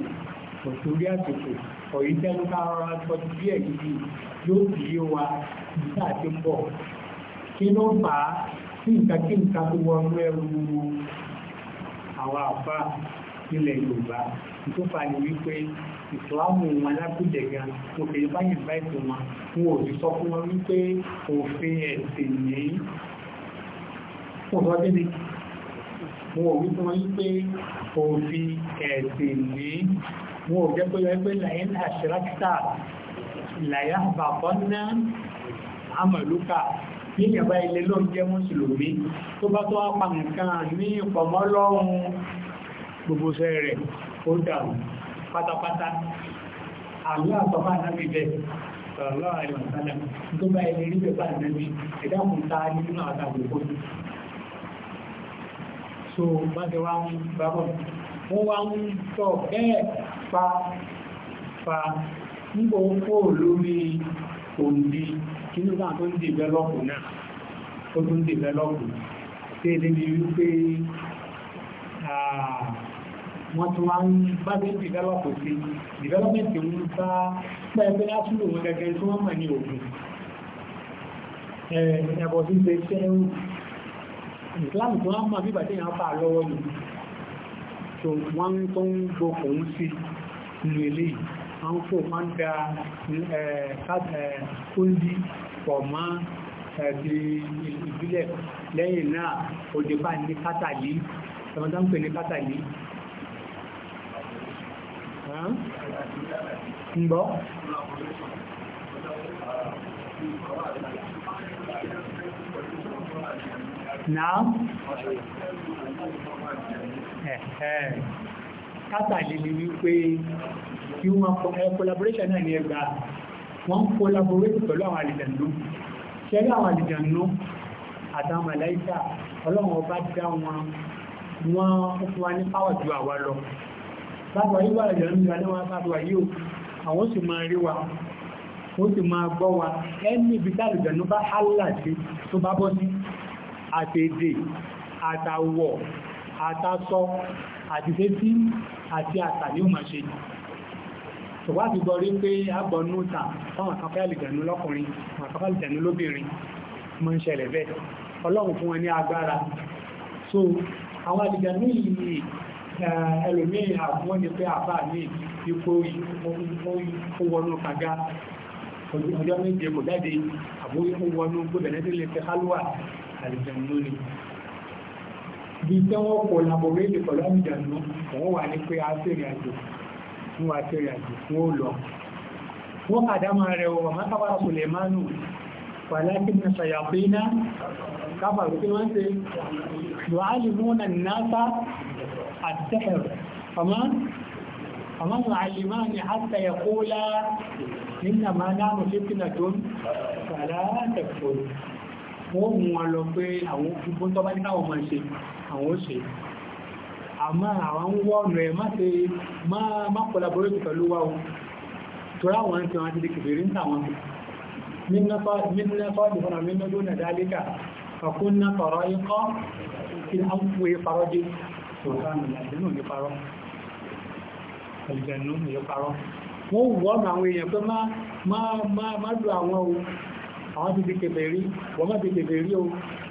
òtúrí àtìkò ọ̀yí tẹ́lú ká rọra sọ díẹ̀ yìí yóò fi yé wa nígbà tí ń bọ̀ kí ló fà á sí nǹkan kí nǹkan tó wọnú àwọn àbá nílẹ̀ yorùbá ìtúfà ni wípé ìsìláàmù wọn alágbèjẹ gan mo fèyí báyìí báyìí fún wọn wọn ò sì sọ fún wọn wípé òfin ẹ̀sìn ní òtọ́ dédé wọn ò wí fún wọn wípé òfin ẹ̀sìn ní wọn ò jẹ́ pé wọ́n pé làyín àṣírákítà làyà bàbọ́ náà àmọ̀lúkà ní ìyàbá ilé ló mùsùlùmí tó bá tó wá nǹkan ní ìpọ̀mọ́ lọ́rùn gbogbo sẹ́ rẹ̀ ó dàrú pátápátá àlú àtọ́fà náà bẹ̀ sọ̀rọ̀lọ́wà rẹ̀ ọ̀sánà tó bá ilé rí pẹ̀pá ìrẹ́bí ẹ̀dàkùn ta nínú àtàgbòkó so bá ti wá ń bábọ̀ wọ́n wá ń sọ bẹ́ẹ̀ pa fa nígbò ń kó lórí òǹdí kínú náà tó ń dìbẹ́lọ́pù náà tó tún dìbẹ́lọ́pù tí èdè ni wípé àà wọ́n tún wá ń bá bí dìvẹ́lọ́pù sí dìvẹ́lọ́pù ń bá pẹ́ẹ̀pẹ́ lásìlò wọn gẹ́gẹ́ tí wọ́n mọ̀ ní ògùn ẹ̀bọ̀ sí ṣe ṣe ẹ̀rù ìsìláàmù tó wọ́n mọ̀ bí bàtí ìyàn fà lọ́wọ́ ni tó wọ́n tó ń gbókùn sí nínú ilé wọ́n fò wọ́n da kóndí pọ̀ mọ́ ẹ̀bí ìbílẹ̀ lẹ́yìn náà òdìbá ní kátàlí ẹ̀wọ̀n tó ń pè ní kátàlí ń gbọ́ náà ẹ̀ẹ́ kátàlì ni wípé human eh, collaboration náà ní ẹgbà wọ́n collaborate pẹ̀lú àwọn àlìjànú ṣẹ́rí àwọn àlìjànú àtàwọn màláíkà ọlọ́run ọba dá wọn wọ́n fún wa ní power ju àwa lọ báwọn wa ó sì máa gbọ́ wa ẹni ibi tàbíjẹ̀ ló bá hálàṣí tó bá bọ́ sí àtèdè àtàwọ̀ àtàsọ àtìsẹ́tí àti àtà ní òmà ṣe ṣùgbọ́n ti gbọ́ rí pé àbọ̀nú ta fáwọn àkọ́kẹ́lìjẹ̀nú lọ́kùnrin àkọ́kẹ́lìjẹ̀nú lóbìnrin mọ́ ń ṣẹlẹ̀ bẹ́ẹ̀ ọlọ́run fún wọn ní agbára ẹlòmíì àwọn ní pé àbá ní ipò ìfowónú kàga ọjọ́ méje kò jáde àwọn ìfowónú gbọ́dẹ̀ nílé fẹ́ hálùwà àlìjànú ni bí tí wọ́n kò làbọ̀ méjì pẹ̀lú àlìjànú wọ́n wà ní pé àṣírí àjò fún àṣírí àjò fún ó lọ wọ́n kàdámà rẹ̀ wọ̀ mọ́tàbára kò lè mánú wàlákin na ṣàyàfẹ́ náà káfà rẹ̀ wọ́n ṣe yóò السحر فمن فمن يعلمان حتى يقولا إنما نحن فتنة فلا تكفر wọ́n mú wọn lọ pé àwọn gbogbo tó bá ní káwọn máa ṣe àwọn ó ṣe àmọ́ àwọn ń wọ́ ọ̀nà ẹ̀ má ṣe má collaborate pẹ̀lú wa o torí àwọn ń tẹ wọn ti di kìfèrí ń tà wọn mínáfà ìfọ̀nà mínádó nàdálíkà ọkùnrin náà fọ̀rọ̀ ikọ́ kí a ń fún e fọ̀rọ̀ dé ṣòtánù àjẹ́nù ní parọ́ àjẹ́nù ní parọ́ wọ́n wọ́ ọ̀nà àwọn èèyàn pé má dù àwọn o àwọn ti di kèfè rí wọ́n má di kèfè rí o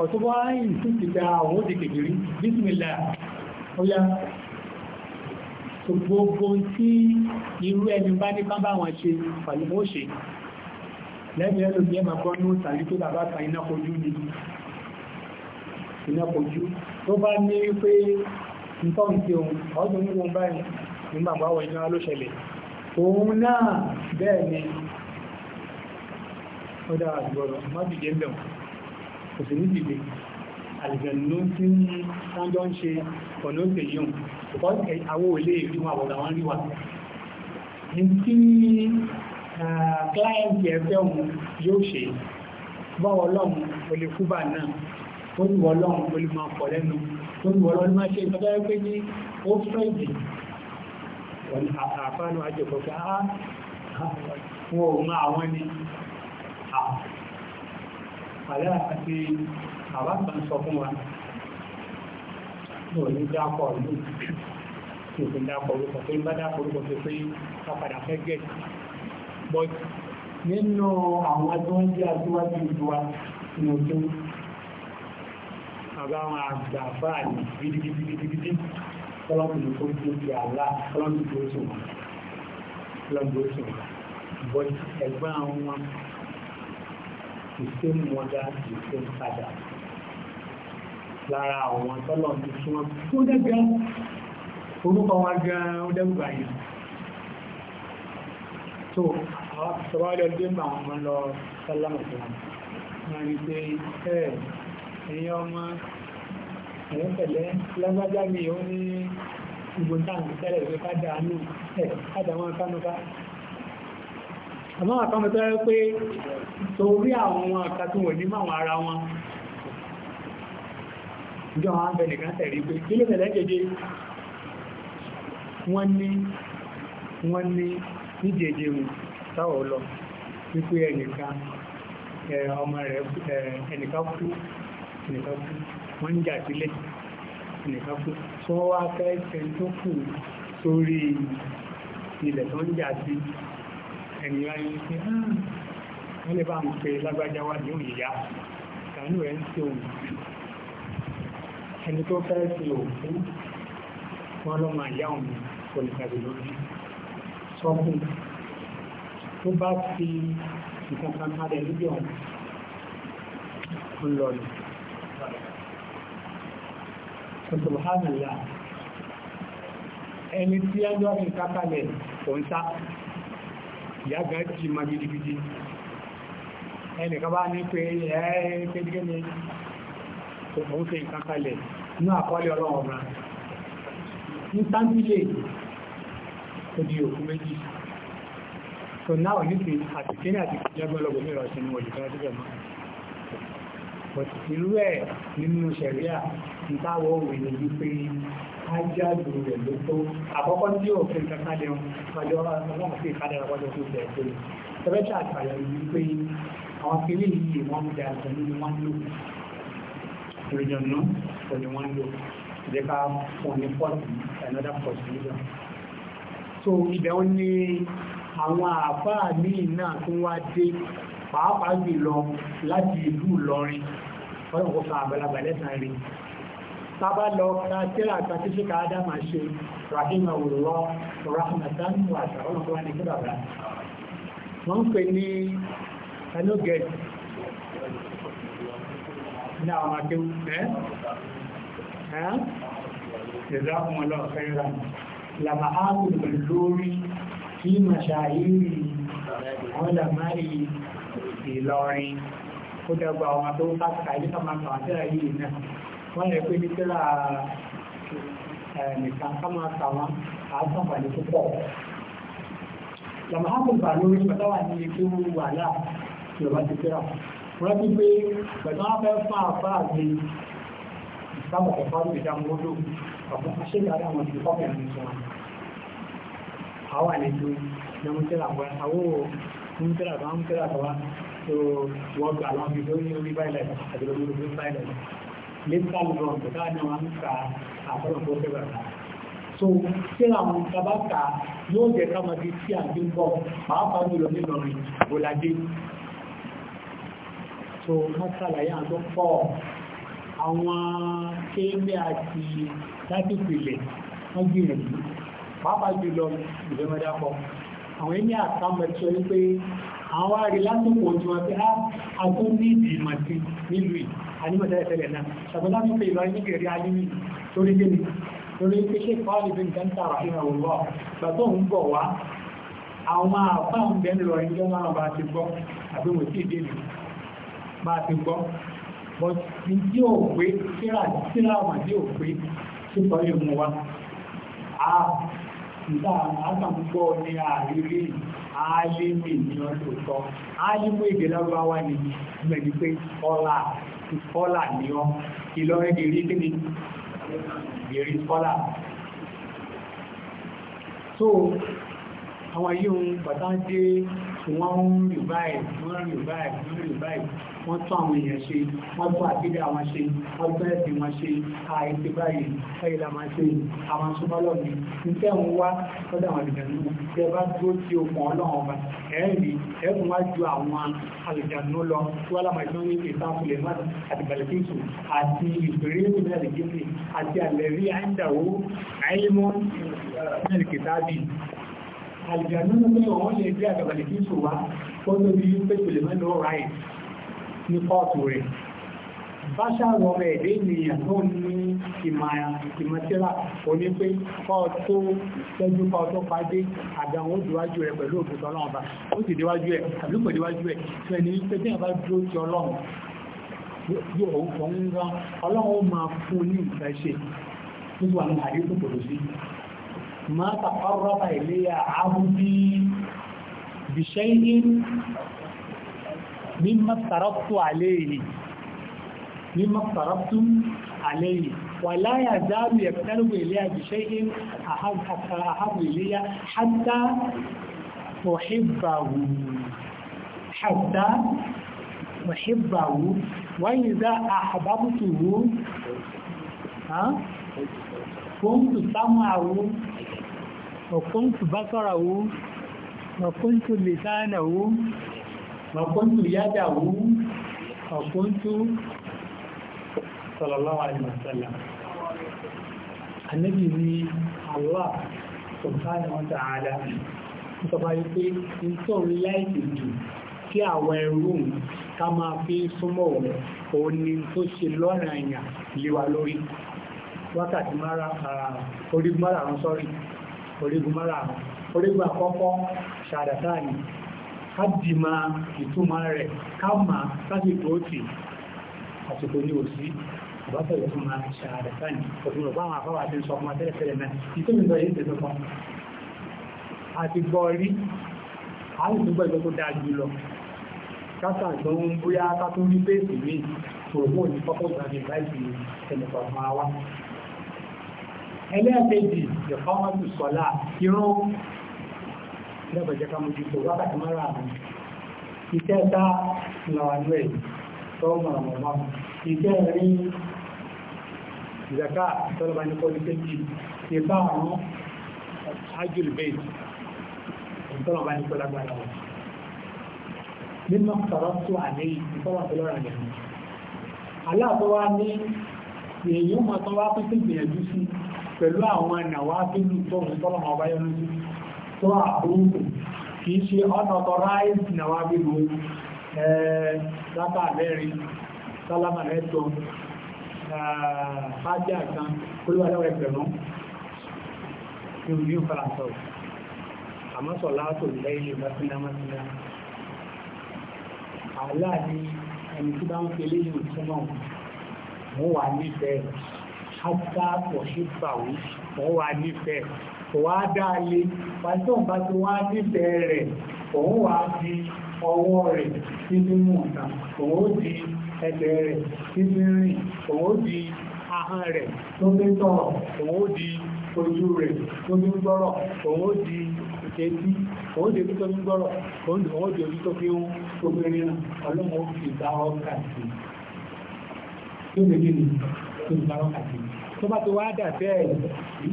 ọ̀tọ́ bá ń tún ti da àwọn ó di kèfè rí bísmìlá ó yá gbogbo tí irú ẹni bá ní kán bá wọn ṣe pàlú mọ́ ṣe lẹ́bí ẹlò ní ẹmà tó bàbá ka iná kojú ní iná kojú tó bá ní pé nǹkan tí ohun ọdún ní wọn báyìí nígbà bá wọ ìjọra ló ṣẹlẹ̀ òun náà bẹ́ẹ̀ ni ó dára àgbọ̀rọ̀ má dìde ń bẹ̀wọ̀n kò sí ní dìde àlìjẹ̀nú tí wọ́n jọ ń ṣe ọ̀nà òkè yìí hùn àwọn òlé ìrí wọn àwọ̀dà wọn rí wa tó ń wọ́n lọ́nà ṣe ìfẹ́dá pé ní ó fẹ́ẹ̀dì ah, wọ́n àfáànù ajẹ́kọ̀ọ́kẹ́ ah, àwọn ohun àwọn ni ah, àlẹ́ àti àbákan sọ fún wa lò ní dápọ̀ ìlú tí ó fi dápọ̀ orúkọ pé bá dápọ̀ orúkọ pé pé kápadà fẹ́ gẹ̀ẹ́sì but nínú àwọn tó ń jẹ́ àtúwájú ìlú wa nínú àbá àwọn àgbàfà ní gidigidigidi ọlọ́pìnrin tó tó di àlá ọlọ́pìnrin tó sùn wọn lọ́gbọ̀n sùn wọn bọ́ ẹgbẹ́ àwọn wọn ìfẹ́ mọ́dá ìfẹ́ padà lára àwọn tọ́lọ̀ ní kí wọ́n tó dẹ́gbẹ́ orúkọ wa gan ó dẹ́gbà yìí tó àwọn ìṣọ́wọ́lẹ̀ ọdún ìgbà wọn pẹ̀lẹ́pẹ̀lẹ́ lọ́gbájá ni ó ní ìgbòntàǹdì tẹ́lẹ̀ ìwé kájà àánú ẹ̀ kájà wọn kánúká àmọ́ àkọ́mọ̀ tó rẹ́ pé torí àwọn akàtúnwò ní máwọn ara wọn ìjọ àwọn abẹ nìkan tẹ̀rí pé kí ló tẹ̀lẹ́ jẹjẹ wọ́n ní wọ́n ní níjẹjẹ wọn táwọ̀ lọ wípé ẹnìkan ọmọ rẹ̀ ẹnìkan kú ẹnìkan kú wọ́n ń jà sílẹ̀ nìkan kú tí wọ́n wá fẹ́ ẹni tó kù sórí ilẹ̀ tó ń jà sí ẹni wáyé pé ah, wọ́n lè bá ń pe lágbájá wá ní òyìyá ìdánú ẹ̀ ń ṣe òun ẹni tó fẹ́ ṣe òkú wọ́n lọ máa yá òun kò lórí sọ́kùn tó bá fi nǹkan kan níbi ọ̀hún ń lọ nìkan subhanallah ẹni tí a lọ rí kákalẹ̀ òǹta yàgá jì ma gidigidi ẹni ká bá ní pé ẹ̀ẹ́ kéjìké ni òun fi kákalẹ̀ ní àkọọ́lẹ̀ ọlọ́run ọ̀rọ̀ ní sáńtílẹ̀ ó di òkú méjì so now ní ti àti kéní àti jẹ́gbẹ́lọ́gbọ̀ mẹ́rọ ṣe ní olùkọ́ pàtàkì táwọn òwe ní wípé ajá ìlú rẹ̀ ló tó àkọ́kọ́ tí yóò fi kankan lẹ́wọ̀n pàjọ ọlọ́run sí ìkádẹ́ àpọ́jọ tó bẹ̀rẹ̀ tó lè tẹ́lẹ̀tà àtàyà wípé àwọn ni wọ́n ń lò ìrìnàmú kò ní wọ́n ń lò ìjẹ́ká wọn ní so ibẹ̀ ó ní àwọn àfáà míì náà tún wá dé pàápàá jùlọ láti ìlú Ìlọrin ọlọ́run kò fa àgbàlagbà lẹ́sàn-án tábà lọ kíra àtàkì sí ká ádámà ṣe rahima òrùlọ rahmatan wà àtàwọn ọmọ wa ní kí bàbá wọ́n ń pè ní ẹnúgẹ̀ẹ́ ní àwọn akéwù ẹ́ ẹ́ ìzáàkùn ọlọ́ọ̀fẹ́ rà làmà áàrùn lórí kí màṣàírí ọlàmárì ìlọrin ó dẹgbà ọmọ tó ń bá kàílẹ́ ọmọ àtàwọn àjẹ́ yìí náà wọ́n lè pé nítorá nìkan ká máa kà wọ́n àásàǹfààní púpọ̀. làmàhàmù bà lórí pàtàwà ní ikú wàhálà yorùbá ti tẹ́ra wọ́n ti pé pẹ̀lú wọn fẹ́ fún àfáà gbé ìsámọ̀ ẹ̀fọ́ ní ìdámọ́lò àwọn aṣẹ́gbàdá wọn ti kọ́ mẹ́rin sọ àwọn àlejò lọ́mútẹ́lá wọn àwọn òmútẹ́lá tó wọ́n tẹ́lá tó wá tó wọ́n gbà lọ́mí lórí orí mental run kò tá náà ń ka àbọ̀rọ̀ tó fẹ́ so tí àwọn kaba ka yóò jẹ káma di tí àti ń bọ̀ ni jùlọ nínú rìn bòládé so mọ́sálàyé àtọ́ pọ̀ àwọn kéèlé àti láti pìlẹ̀ wọ́n gbìyànjú pàápàá jùlọ ìjọba dápọ̀ àwọn ẹni àtàmọ̀ tí ó ń pé àwọn àrí lásìkò tí wọ́n fi àtún ah, ní ìdìmọ̀ sí nílùú yìí anímọ̀tá ẹ̀sẹ̀lẹ̀ náà ṣàbọ̀lá tó fẹ́ ìlọ ayé kẹrì ayé yìí torí gbé ni torí pé ṣe kọ́ọ̀lì bí nǹkan tààrà ìrìn òwúrọ̀ gbà tó ń bọ̀ wá àwọn àfáàmù bẹ́ẹ̀ lọ ẹni jọ́ máa bá ti gbọ́ àbí wò sí ìdí mi bá ti gbọ́ but ní tí ò pé síra síra mà tí ò pé sípò ìmú wa ah, ìgbà àgbàmúgbọ́ ní àrírí alímì ní ọdún tọ́ alímù èdè lọ́gbàwá ni mẹ́rin pé ọlá ìfọ́là ní ọ ìlọrin ìrí kí ni ìrí fọ́là so àwọn yíò bàtà ń dé wọ́n ń revive wọ́n revive wọ́n revive wọ́n tún àwọn èèyàn ṣe wọ́n tún àbídà wọn ṣe wọ́n tún ẹ̀sìn wọn ṣe àìsí báyìí ẹ̀yìn la máa ṣe àwọn súnmọ́lọ́ mi níṣẹ́ ń wá lọ́dọ̀ àwọn àlùjànnú tẹ bá dúró tí o pọ̀ ọlọ́run ọba ẹ̀rìn ẹ̀kún wá ju àwọn àlùjànnú lọ tí wọ́n lámà ìdánwò ní ìtàkùlẹ̀ má àtìgbàlẹ̀kìtù àti ìpèrè àlìjànú pé wọ́n lè gbé àgbàlẹ̀ kí sùn wá ó lórí pé kò lè mẹ́lọ ráì ní pọ́ọ̀tù rẹ̀ bá ṣàrọ̀ ọmọ ẹ̀dẹ́ ènìyàn tó ní ìmọ̀tíra òní pé pọ́ọ̀tù lẹ́jú pọ́ọ̀tù pàdé àdáwọn òdìwájú rẹ̀ pẹ̀lú òkúta ọlọ́run bá ó sì déwájú ẹ̀ àbí pẹ̀lú déwájú ẹ̀ tó ẹni pé tí wọ́n bá dúró ti ọlọ́run ما تقرب إلي عبدي بشيء مما افترضت عليه مما افترضت عليه ولا يزال يقترب إلي بشيء أحب, أحب إلي حتى أحبه حتى أحبه وإذا أحببته ها كنت سمعه وكنت بصره وكنت لسانه وكنت يده وكنت صلى الله عليه وسلم النبي ni Allah subhanahu wa ta'ala nítorí wípé nítorí láìsí jù tí àwọn ẹrù ká máa fi súnmọ́ òun ni tó ṣe lọ́rọ̀ àyà léwa lórí wákàtí mara ah, orí mara àwọn sọ́rí orígun mara orígun àkọ́kọ́ ṣàdàtàní ká dìmá ìtumọ̀ rẹ̀ ká mà sásìkò òtì àsìkò ní òsì àbáfẹ́ ìtumọ̀ ṣàdàtàní òfin rọ̀ báwọn afọ́wà ti ń sọ ọmọ tẹ́lẹ̀ tẹ́lẹ̀ náà ìtumọ̀ ìtọ́ yìí tẹ́lẹ̀ kan àti gbọ́ rí àwọn ìtumọ̀ ìgbẹ́ tó dáa jù lọ kásà tó ń bóyá ká tó rí bẹ́ẹ̀sì míì tòun ò ní kọ́kọ́ gbàgbé báyìí ẹnìkan máa wá ẹlẹ́ẹ̀kejì ìfọ́mọ́lù sọ́lá irun lẹ́bọ̀jẹ́ká mojútó wákàtí mara àmì ìkẹta lọ́wọ́lẹ́ tọ́mọ̀ ọmọ ìkẹrin zaka tọ́lọ́bá ní kọ́lùkẹ́jì ìbá àwọn ajúlùbẹ́ẹ̀ tọ́lọ́bá ní kọ́lágbára wọn mímọ̀ sọ̀rọ̀ tó àlẹ́ ìfọ́wọ́n tó lọ́rọ̀ lẹ́nu aláàtọ́wá ní èèyàn mọ̀ tọ́wá pín sí ìgbìyànjú sí pẹ̀lú àwọn ìnàwà tó lù tọ́rùn tọ́lọ̀mà ọba yọ́nú sí tó unauthorized ìnàwà bíbú lábà mẹ́rin sálámà mẹ́tọ́ fájá kan olúwàlẹ́wà ẹgbẹ̀rún ní ìlú faransọ́ àmọ́sọ̀ látò lẹ́yìn mẹ́sìnlámẹ́sìnlá àláàní ẹni tí bá ń fi eléyìn ìtumọ̀ wọ́n wà ní ìfẹ́ rẹ̀ hátà ọ̀ṣípàwó wọ́n wà nífẹ̀ẹ́ wà dáalé pàtó bá ti wá nífẹ̀ẹ́ rẹ̀ òun wà fi ọwọ́ rẹ̀ títí mú ọ̀tà òun di ẹgbẹ̀ rẹ̀ títí rìn òun di ahọ́n rẹ̀ tó fi tọ̀rọ̀ òun di ojú rẹ̀ tó fi gbọ́rọ̀ òun di ìkẹ́sí òun di ojú tó fi gbọ́rọ̀ òun di ojú tó fi ń obìnrin ọlọ́mọ òfin ìgbà ọkà sí i. Yóò lè gbé ní ìgbà ọkà sí i tó bá ti wá dà bẹ́ẹ̀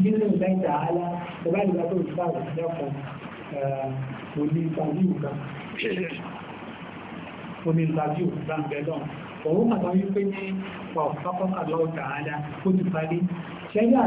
nínú ìlẹ́yìn àhálà tó bá ìgbà tó ń bá òṣìṣẹ́kùn mo ní ìtàjú kan mo ní ìtàjú kan bẹ́ẹ̀ òun àtàwọn wípé ní ọ̀pọ̀pọ̀pọ̀lọ́ta àádá ó ti parí ṣẹ́yẹ́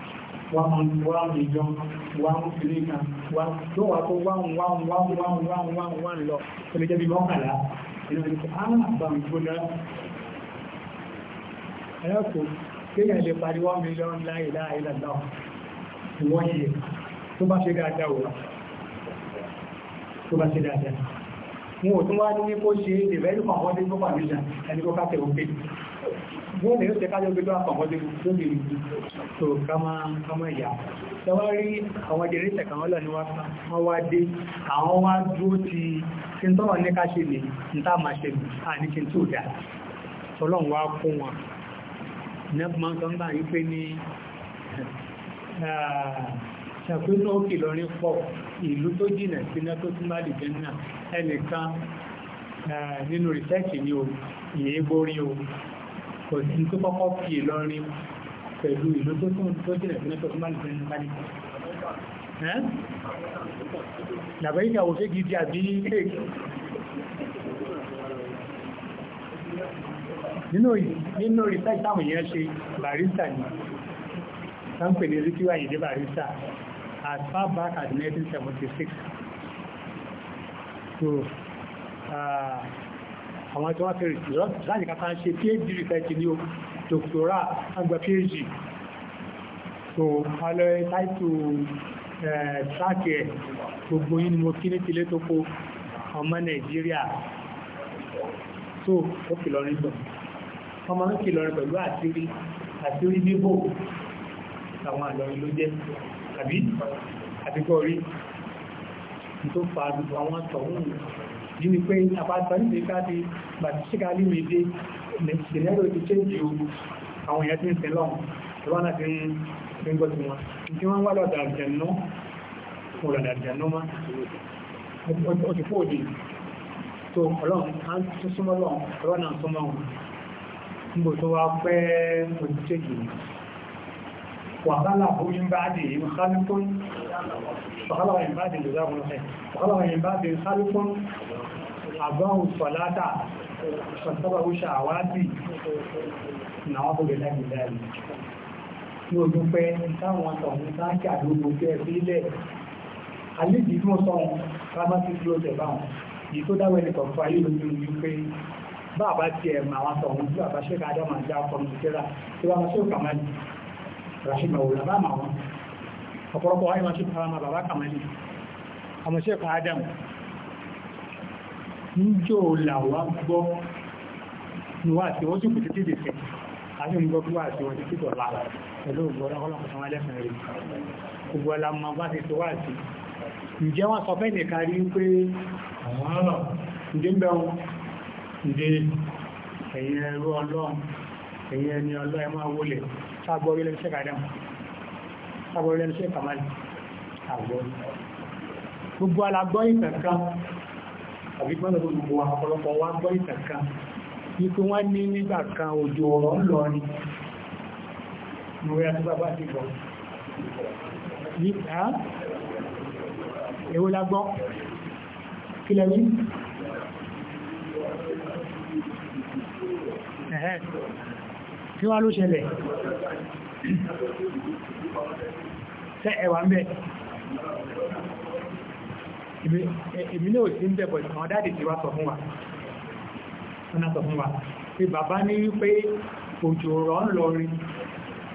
one one million one three kan one tó wà tó one one one one one one one lọ ẹni jẹ́ bí mọ́kànlá ẹni jẹ́ bí àbàmì gbóná ẹ̀yọ́kù kéèyàn lè parí one million láìlá ìlànà ìwọ́n yìí tó bá ṣe dáadáa wò tó bá ṣe dáadáa wọn ò tún wá ní kó ṣe develop àwọn ọdún tó pàmìjà ẹni kó káfẹ́ òfin wọ́n lè ṣe kájọ gbogbo àpapọ̀dé lórí tó kama ìyá tẹwárí àwọn jẹrẹsẹ̀ kan lọ ní wọ́n wá dé àwọn wá dúró ti tí ń tọ́wọ̀ ní ká ṣe lè ń tá máa ṣe lè àní kí n tó dá tọ́lọ́n wá kún wọn nẹ́gbọ́n tó ń bá yí pé ní ṣàpínú òkè lọrin pọ̀ ìlú tó jìnà sí ni o ìyẹ́ kò sí pé kọ́kọ́ fi Ìlọrin pẹ̀lú ìlú tó tún tó jìnà sí nẹ́tọ̀ máa nìfẹ́ ní báyìí làbẹ́ ìyàwó ṣe gidi àbí kéèkì nínú ìsáì táwọn èèyàn ṣe barista ni wọ́n pè ní ríkí wáyé dé barista as far back as 1976 so uh, àwọn tó wá fẹ́ rìsì láti kàtà ń ṣe phd rìsẹ́ẹ̀kì ní o dòkítọ́rà àgbà phd so alẹ́ táìtù eh, tráàkì ẹ̀ gbogbo yìí ni mo kí ní tilé tó kó ọmọ nàìjíríà tó ó kìlọrin tọ̀ ọmọ ń kìlọrin pẹ̀lú àtírí àtírí bíbò àwọn àlọrin ló jẹ́ àbí àbíkọ́ rí tó fa àwọn tọ̀hún ìdí ni pé àbáta ní ìkáàdì gbàtíṣíkàlì méje ìdẹ̀lẹ́rò ti ṣe jù àwọn èèyàn tí ń tẹ́lọ̀ ìwọ́n láti ń gbọ́ tí wọn tí wọ́n wá lọ́dà àjẹ̀nú ọ̀rọ̀dà àjẹ̀nú má ó ti fóòdì tó ọlọ́run á tún súnmọ́ lọ́run ọlọ́run náà súnmọ́ wọn níbo tó wá pẹ́ òṣìṣẹ́ jù وخلق من بعده خلق وخلق من بعده جزاهم خير وخلق من بعده خلق àbáhùn fàlátà ṣàtàbàwò ṣàwádìí náà bó lè láti dáàrí ní ojú pé táwọn ọ̀hún sáàkì àdúgbò jẹ́ sílẹ̀ àlejì tó sọ̀rọ̀ rábá sí kí ó tẹ̀ báwọn yìí tó dáwọ́ ẹni kọ̀ọ̀kan ayé lójú ní pé báàbá tiẹ̀ mà wọn sọ̀rọ̀ tí bàbá ṣẹ́ka adámà já ọkọ̀ọ̀nù ìṣẹ́ra tí wọ́n ṣe kàmáàlì ràṣìmọ̀ òwúrọ̀ bá mà wọn ọ̀pọ̀lọpọ̀ wáyé wọn ṣe kàmáàlì bàbá kàmáàlì àmọ́ ṣẹ́ka adámà níjọ́ làwà gbọ́ níwá àti wọ́n jùkú títí dì sí àti ń gbọ́ bí wà àti wọ́n títí dọ̀la pẹ̀lú ògbọ́ra ọlọ́pàá lẹ́fẹ̀ẹ́ rẹ̀ gbogbo alamọ bá ti tó wà sí ǹjẹ́ wọ́n sọ fẹ́ẹ̀ nìkan rí pé ọ̀rọ̀ ǹjẹ́ ń bẹ̀rún ǹjẹ́ ẹ̀yìn ẹ̀rọ ọlọ́run ẹ̀yìn ẹni ìfẹ̀ kan àbí gbọ́nà gbogbo ọ̀pọ̀lọpọ̀ wá gbọ́ ìtàkà ní pé wọ́n ní nígbà kan òjò ọ̀rọ̀ ń lọ ní mọ̀rí àti bàbá ti gbọ́ èwo kí wá ló ṣẹlẹ̀ tẹ́ ẹ̀wà ń bẹ̀ èmi náà ti ń bẹ̀bọ̀ àwọn dáàdì ti wá sọ fún wa wọ́n sọ fún wa pé bàbá ní wípé òjò rọ̀ ń lọ rí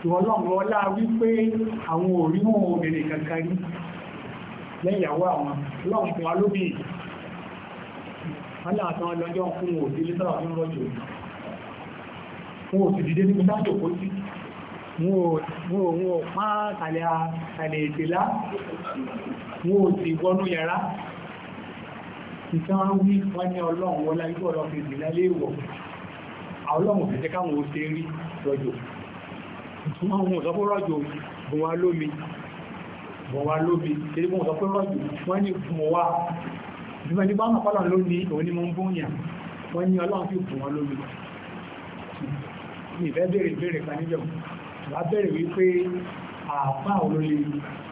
ìwọlọ́run ọlá wípé àwọn òríwọ̀n obìnrin kankan rí lẹ́yàwó àwọn lọ́wọ́n fún wa lóbi wọ́n láàtàn lọ́jọ́ fún òdí lítọ́ ọdún rọ́jò wọn ò sì dìde níbi kó sí wọn ò pán kàlẹ̀ ètèlá wọ́n ti wọnú yàrá ìtàn wí wọ́n ní ọlọ́run wọ́n láyé ọ̀rọ̀ fèsì lálé ìwọ̀ ọlọ́run fèsì káwọn oṣe rí rọjò wọ́n mú sọ pé rọjò bùn wá lómi bùn wá lómi kéré mú sọ pé rọjò wọ́n ní bùn wá bí wọ́n ní bá mọ̀ pálọ̀ lónìí òun ni mo ń bóyàn wọ́n ní ọlọ́run fi bùn lómi ìfẹ́ bèèrè ìbéèrè kan níjọ bèèrè wípé àáfà olólè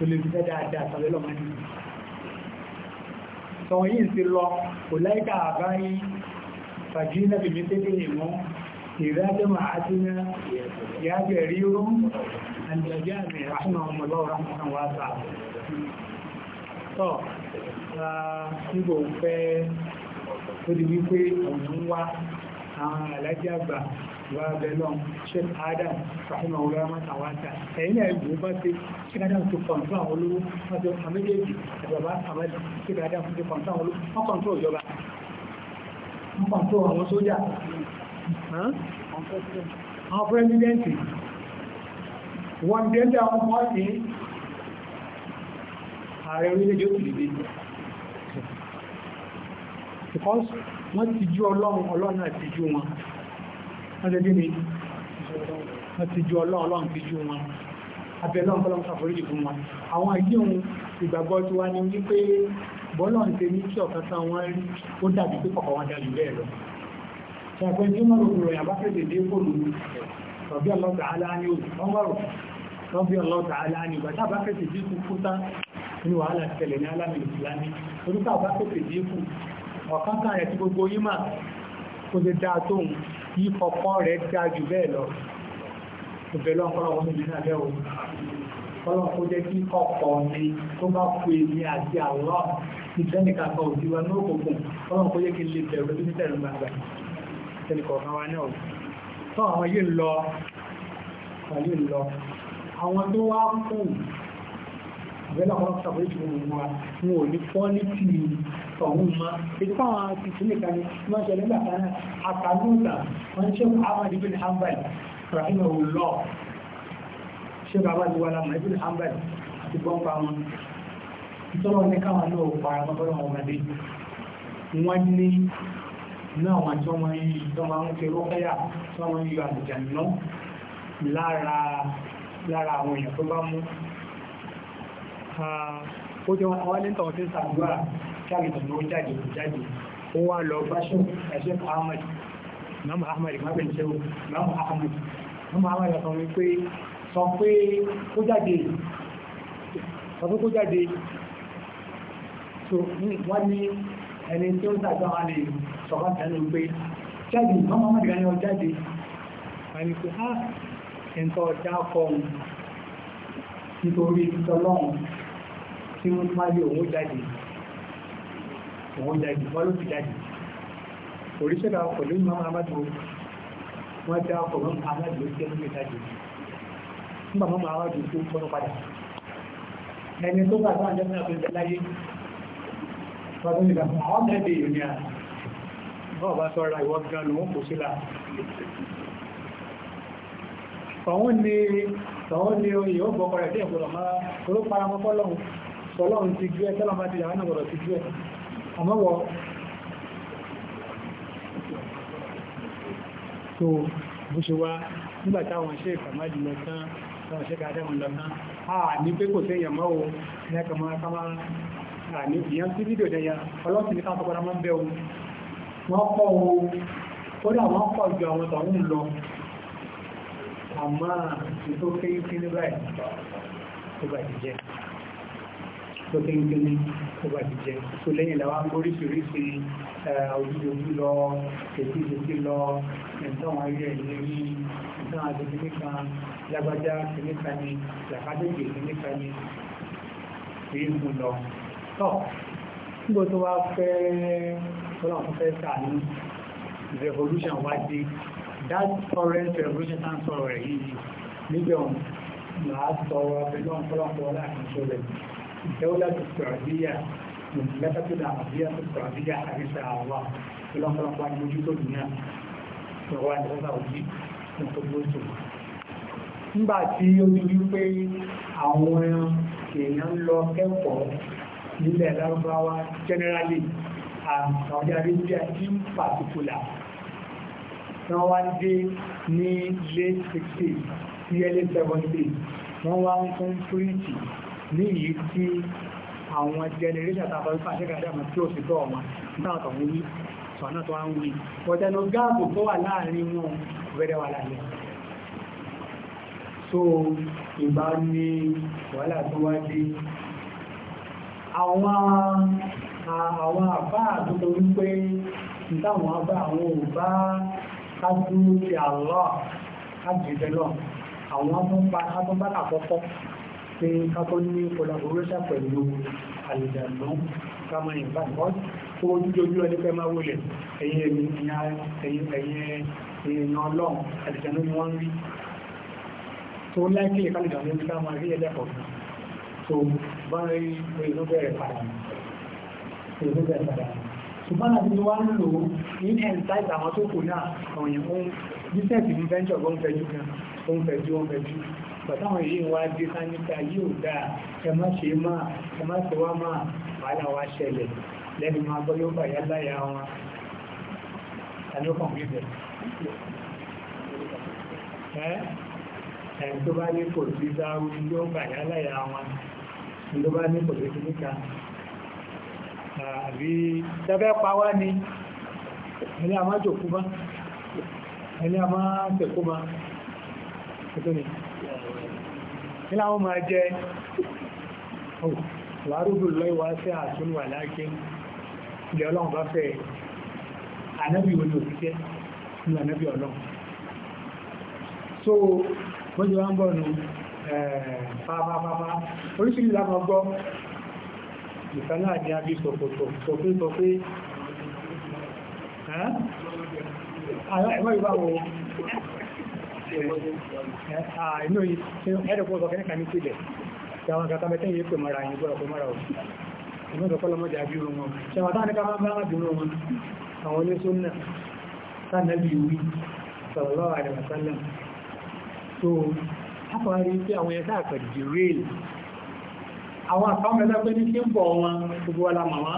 olè fi fẹ́ dáadáa sọ nǹkan wọ́n yìí sí lọ kò láìka àbáyí fàjínà bí mítẹ́kẹ́ ìmọ́ ìrájẹ́ máa tí ní yájẹ̀ rí rún àjẹ́jẹ́ àmì ìrásùnà ọmọlọ́rọ̀ àwọn wáta wá bẹ̀lọ́n ṣe adam rahimah olóòmà tàwátà ẹ̀yìn ẹ̀gbò bá ti ṣe adam tó kọ̀ǹtọ́ àwọn olówó wọ́n ti ọmọ méjèèjì àjọba àmàlì ṣe adam tó kọ̀ǹtọ́ àwọn olówó wọ́n kọ̀ǹtọ́ ìjọba wọ́n kọ̀ǹtọ́ àwọn sójà àwọn pẹ́sidẹ́ntì wọ́n dẹ́ndẹ́ àwọn ọmọ ní ààrẹ orílẹ̀-èdè òkèlè because wọ́n ti jú ọlọ́run ọlọ́run àti jú wọn ṣe gíní wọ́n ti ju ọlọ́ọ̀lọ́n ti ju wọn abẹ́lọ́n kọ́lọ́n ṣàforíjì fún wọn àwọn ayé òun ìgbàgbọ́ tí wá ní wípé bọ́lọ́n ti ní kí ọ̀kan tán wọ́n rí ó dàbí pé kọ̀kọ̀ wọn dàbí bẹ́ẹ̀ lọ ṣàpẹ́ tí wọ́n rò yàn bá fẹ́ẹ̀ dé fóònù rọ̀bí ọlọ́ta aláàní òmọ́rọ̀ rọ̀bí ọlọ́ta aláàní ìgbà tá bá fẹ́ẹ̀ dé kú fúta ní wàhálà tẹ̀lẹ̀ ní alámi ìsìlámi tí ọpọ́n rẹ̀ dá jù bẹ́ẹ̀ lọ ìbẹ̀lọ́ ọ̀pọ̀lọpọ̀ ní ìdílé àbẹ́ òun ọlọ́run kó jẹ́ kí ọkọ̀ mi tó bá kú èmi àti àwòrán ìtẹ́nìkà kan òbí wa ní òkùnkùn ọlọ́run kó jẹ́ kí n lè bẹ̀rù lójú nítẹ̀rù gbangba ìtẹ́nìkọ̀ kan wa náà àbẹ́lẹ̀ ọ̀rọ̀ ṣàbẹ́ ìṣòro wọn wọn ò ní fọ́ ní ti ọ̀hún ma ètò àwọn àti ìṣẹ́lẹ̀ kan wọ́n ṣe nígbà kan àtàlùkà wọ́n ṣe Ahmad ibn Hanbal rahimahullah ṣe bàbá ti wà lámà ibn Hanbal àti gbọ́npa wọn ìtọ́rọ̀ ní káwọn náà para mọ́tọ́rọ̀ wọn ọmọdé wọ́n ní náà wọn tí wọ́n yí tọ́mọ ń ṣe rọ́kẹ́yà tí wọ́n yí àlùjànnú lára àwọn èèyàn tó bá mú ó jẹ́ wọn àwọn ẹlẹ́ntọ̀ ọdún sàmúwà káàkiri ló jáde jáde ó wá lọ báṣọ ẹ̀ṣẹ́ Ahmad, mamu Ahmad mamu ṣẹ́wọ̀ mamu Ahmad. mamu Ahmed sọ wípé sọ pé kó jáde sọ pé kó jáde so wọ́n ní ẹni tí ó ń tàbí àwọn àlè sọ̀rọ̀ tẹ́lẹ̀ pé jáde mamu Ahmed gan ni ọ jáde wọ́n ní pé ha nǹkan ọjà fọ́ọ̀mù nítorí tọ́lọ́run tí wọ́n pálé òun jáde òun jáde wọ́n ló fi jáde oríṣẹ́lá ọkọ̀ ló ń máa amájú wọ́n já ọkọ̀ ló ń pa amájú ló jẹ́ lórí jáde nígbà mọ́ máa amájú tó tọ́nà padà ẹni tó bá sáà jẹ́ mẹ́rin tó láyé wọ́n tó lè gbà fún àwọn mẹ́rin èèyàn ni à bọ́ọ̀ bá sọ́ra ìwọ́ gan ló ń kò sílá tọ̀hún ni tọ̀hún ni oyè ó bọ́kọ̀ rẹ̀ dé ìgbọ̀dọ̀ máa tó ló tọ́lọ́run ti jú ẹ tọ́lọ́run bá ti yàrá náà bọ̀rọ̀ ti jú ẹ àmọ́wọ́ tó bó ṣe wá nígbà táwọn ṣe ìfàmádì lọ tán táwọn ṣe káàdà wọn lọ tán a ní pé kò sí ìyàmọ́ o ní ẹkàmọ́ akámá àní ìyàn sí fídíò dẹ̀yà ọlọ́sìn ní káàkọ́ padà máa ń tó tẹ́ńtẹ́ ní tó bá ti jẹ tó lẹ́yìn làwọn oríṣiríṣi eh, ojúdojú lọ ètùtù lọ ẹ̀ńtọ́ wọn rí ẹ̀yẹ rí ẹ̀ńtọ́ lágbájá kìnìkà ni làkàdéjì kìnìkà ni èyí mú lọ. tọ́ nígbà tó wá fẹ́ ọlọ́run fẹ́ sàánú revolution wá dé that foreign revolution tá ń sọ̀rọ̀ yìí níbẹ̀ ọ̀hún làá sọ̀rọ̀ abẹ́lẹ́ ọ̀pọ̀lọpọ̀ láti ṣọlẹ̀ yìí. الدولة السعودية مملكة العربية السعودية حريصة على الله ولهم رفع موجود الدنيا ìwà ìrẹ́sà òjì ìpòpòsò nígbà tí ó ti rí pé àwọn èèyàn lọ kẹ́kọ̀ọ́ nílẹ̀ lárúbáwá generally and Saudi Arabia in particular wọ́n wá ń dé ní late 60s sí early 70s wọ́n wá ń fún fúríjì ní èyí tí àwọn generation tàbí wípá ṣẹ́gàdà mọ̀ tí ó sì tọ́ ọmọ dáàtọ̀ ń wí sọ̀nà tó ń wí pọ̀tẹ́nu gáàbù tó wà láàrin wọn rẹ̀rẹ̀ wà lálẹ́ so ìbá ní wàhálà tó wá dé àwọn àwọn àbá àtúntò wípé ìtàwọn àbá àwọn ò bá kájú ti àlọ́ àjẹ́jẹ́ náà àwọn àtúntò bá àkọ́kọ́ pé kápọ́ ní collaboration pẹ̀lú àlìjàndó kámọ́ ìbáǹkọ́ tó ojú ojú ẹni fẹ́ máa wọlé ẹ̀yìn èèyàn ọlọ́run ni wọ́n rí tó láìkí ìkálìjàndó ní ká máa rí ẹlẹ́kọ̀ọ́ tó bá rí inú bẹ̀rẹ̀ padà inú bẹ̀rẹ̀ padà ṣùgbọ́n àti tí wọ́n ń lò ní ẹ̀ǹtáìtì àwọn tó kù náà àwọn èèyàn ń bísẹ̀ẹ̀sì ní venture ó ń fẹjú gan ó ń pàtàwọn èyí wá dé sáníkà yóò dáa ẹ má ṣe máa ẹ má ṣe wá máa wàhálà wá ṣẹlẹ̀ lẹ́nu máa gbọ́ yóò bàyá láyà wọn tàbí ó kàn wí bẹ̀. ẹ tó bá ní kò sí sáwú yóò bàyá láyà wọn tó bá ní kò sí síníkà àbí tẹ́fẹ́ pa wá ni ẹni àmájòkú bá ẹni àmájòkú bá ẹni àmájòkú bá kí láwọn máa jẹ wàrúgbù lọ́wọ́ sí àtúnwà láàkín ilẹ̀ ọlọ́run bá fẹ́ ànábì wọn ni òṣìṣẹ́ ní ànábì ọlọ́run so wọ́n jẹ́ wá ń bọ̀ nù pàápàápàá oríṣìíríṣìí láwọn gbọ́ ìfẹ́lá àti àbí sọ̀pọ̀tọ̀ sọ̀pẹ́ sọ̀pẹ́ ẹ̀mọ́ ìbáwọ̀ inú ẹ̀rẹ̀kọ́ ọ̀sọ̀ kẹ́nìkan ní sílẹ̀ tí àwọn kàtà mẹ́tẹ́ yìí pè mara yìí gbọ́rọ̀ pè mara ò inú ìdọ̀kọ́lọmọdé àbírò wọn ṣe wà táà ní ká máa bá bínú wọn àwọn oníṣúnnà sánàbí wí sallallahu alaihi wasallam so àpàrí pé àwọn ẹ̀sà àkàdì rèl àwọn àpamẹ́ta pé ní kí ń bọ̀ wọn gbogbo ọlá màmá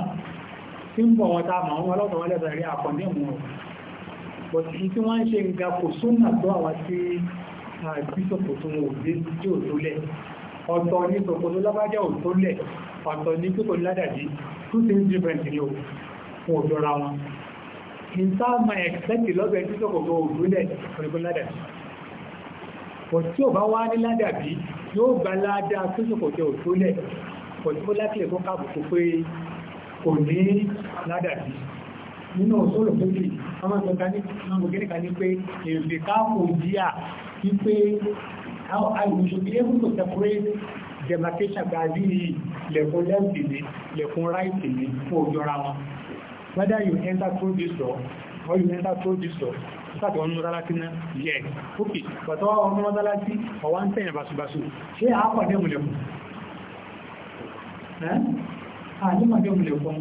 tí ń bọ̀ wọn tá but èyí tí wọ́n ń ṣe nga kò súnà tó àwa tí bíṣọ̀pù tó wò dé tí ò tó lẹ̀ ọ̀tọ̀ ní sọ̀pọ̀ tó lábájá ò tó lẹ̀ ọ̀tọ̀ ní pípọ̀ ládàbí two things different ni o fún òjọra wọn nta ma expect lọ́bẹ̀ẹ́ bíṣọ̀pù tó wò dé pípọ̀ ládàbí but tí ò bá wá ní ládàbí yóò gba ládàá bíṣọ̀pù tó tó lẹ̀ pọ̀ tí ó lákìlẹ̀ fún káàbùkù pé kò ní ládàbí nínú òṣòlò púpì àwọn mẹkaníkà ní pé èrè káàkò díà ní pé we should be able to separate demarcation gbàdí lẹ̀kùn lẹ́ǹtì ní lẹ̀kùn ráìtì ní fún òjòra wọn whether you enter through this door or you enter through this door sáàtì wọn múra láti ná yẹ òkè pàtọ́ ọmọ mọ́ta láti ọwá ń tẹ̀yìn basubasu ṣe àápàdé múlẹ̀kùn àdímọ̀dé múlẹ̀kùn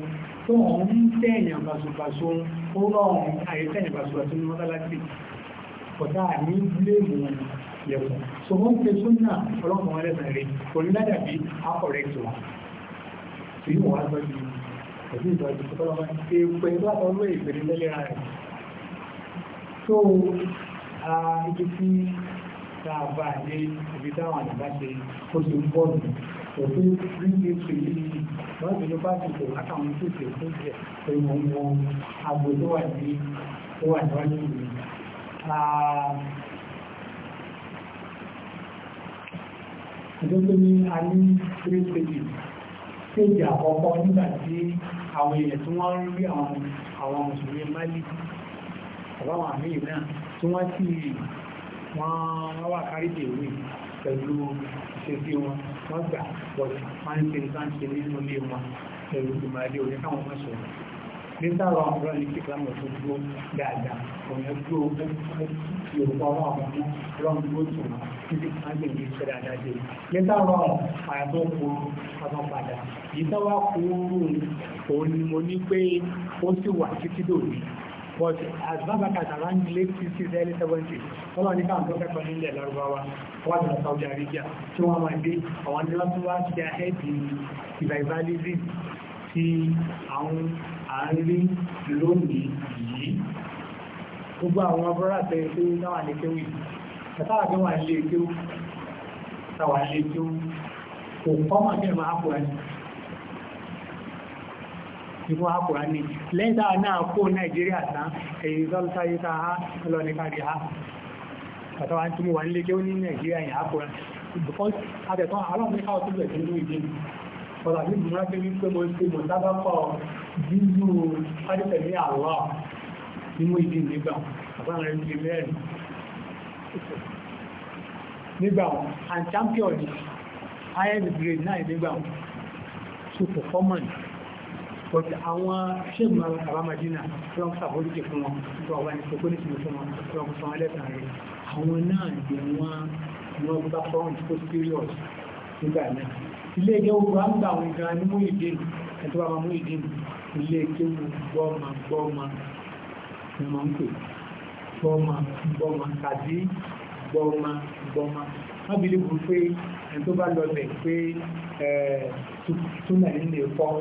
tó wọ́n ń tẹ̀yìn basubasu fúnra ọ̀hún àyẹ́tẹ́ ìbáṣọ́ àti mọ́tálásì kọ̀tá ní bílẹ̀mù yẹ̀wọ̀n so wọ́n pe súnà ọlọ́pàá wọn lẹ́sàn rẹ̀ olùdájà bí akọ̀rẹ́tì wọn tí wọ́n wá sọ ju ẹ̀sìn ìtọ́jú tọ́lọ́mọ́ ṣe pẹ̀lú àtọ́lọ́ ìpèrè lẹ́lẹ́ra rẹ̀ so ibi tí tá a bá dé ibi táwọn àdìbá ṣe ó ti ń bọ́ọ̀lù òfin ríbi pèlú lọ́dún ló bá ti pè látàwọn tó pè fún jẹ pé mo mọ agbo tó wà ní tó wà níwájú mi. Ìjọ tó ní a ní three stages. Stage àkọ́kọ́ nígbà tí àwọn èèyàn tí wọ́n rí àwọn mùsùlùmí Málí àbáwọn àmì náà tí wọ́n sì wọ́n wà kárí dèwé pẹ̀lú àṣẹ́bí wọn wọ́n gbà bọ̀dọ̀ wọ́n ń ṣe nǹkan ṣe nínú ilé wọn ẹ̀rù ìmọ̀lẹ́ òní káwọn mọ̀ sọ̀rọ̀ nígbà wọn ọ̀rọ̀ ní kíkàmọ̀ tó dúró dáadáa ọ̀nà dúró yorùbá wọn àwọn ọmọ ọlọ́run dúró tó wọn títí kan lè ní iṣẹ́ dáadáa dé nígbà wọn àyàbọ̀ kó ọmọ padà yìí táwa kúrú but as Babaka around late 60s, early 70s, wọ́n ní ká àtọ́kẹ́ kan nílẹ̀ lárúbáwá wọ́n jọ Saudi Arabia tí wọ́n máa dé àwọn nílọ́túnwá ti ahẹ́bì revivalism tí àwọn àárín lónìí yìí gbogbo àwọn ọbọ̀rọ̀ àtẹ́yẹ tó náwà ní kéwì tàbí àwọn ilé kéwì tàwà ilé kéwì ìfún àkùrá ní lẹ́yìn táwa náà kó nàìjíríà tán èyí sọ́lọ́sá yìí ta ha lọ ní káàdì ha àtàwà tí mo wà nílé kí ó ní nàìjíríà yìí àkùrá because àtẹ̀tọ́ alọ́mọdéká ọtí bẹ̀rẹ̀ tó ń lóye dé ọ̀rọ̀ àbí mo rántí wípé mo ṣe mo sábà kọ́ bíbú pádìtẹ̀lé àwọ̀ nínú ìdí nígbà àbáwọn ẹni ti mẹ́rin nígbà wọn and champion ni iron grade náà nígbà wọn so performance but àwọn ṣéèmù àbámadínà lọ́n sàbóríkì fún wọn tó àwọn ìṣòkó ní ìṣòkó wọn tó wọn sọ ẹlẹ́sàn rẹ̀ àwọn náà jẹ́ wọn wọn bá front post period nígbà náà ilé ẹgbẹ́ ogun á ń gbà àwọn ìgbà ní mú ìdí ẹ̀tọ́ bá mú ìdí ilé ẹgbẹ́ ogun gbọ́ọ̀mà gbọ́ọ̀mà ni wọ́n ń pè gbọ́ọ̀mà gbọ́ọ̀mà tàbí gbọ́ọ̀mà gbọ́ọ̀mà wọ́n bí lè bú pé ẹni tó bá lọlẹ̀ pé túnà nílé fọ́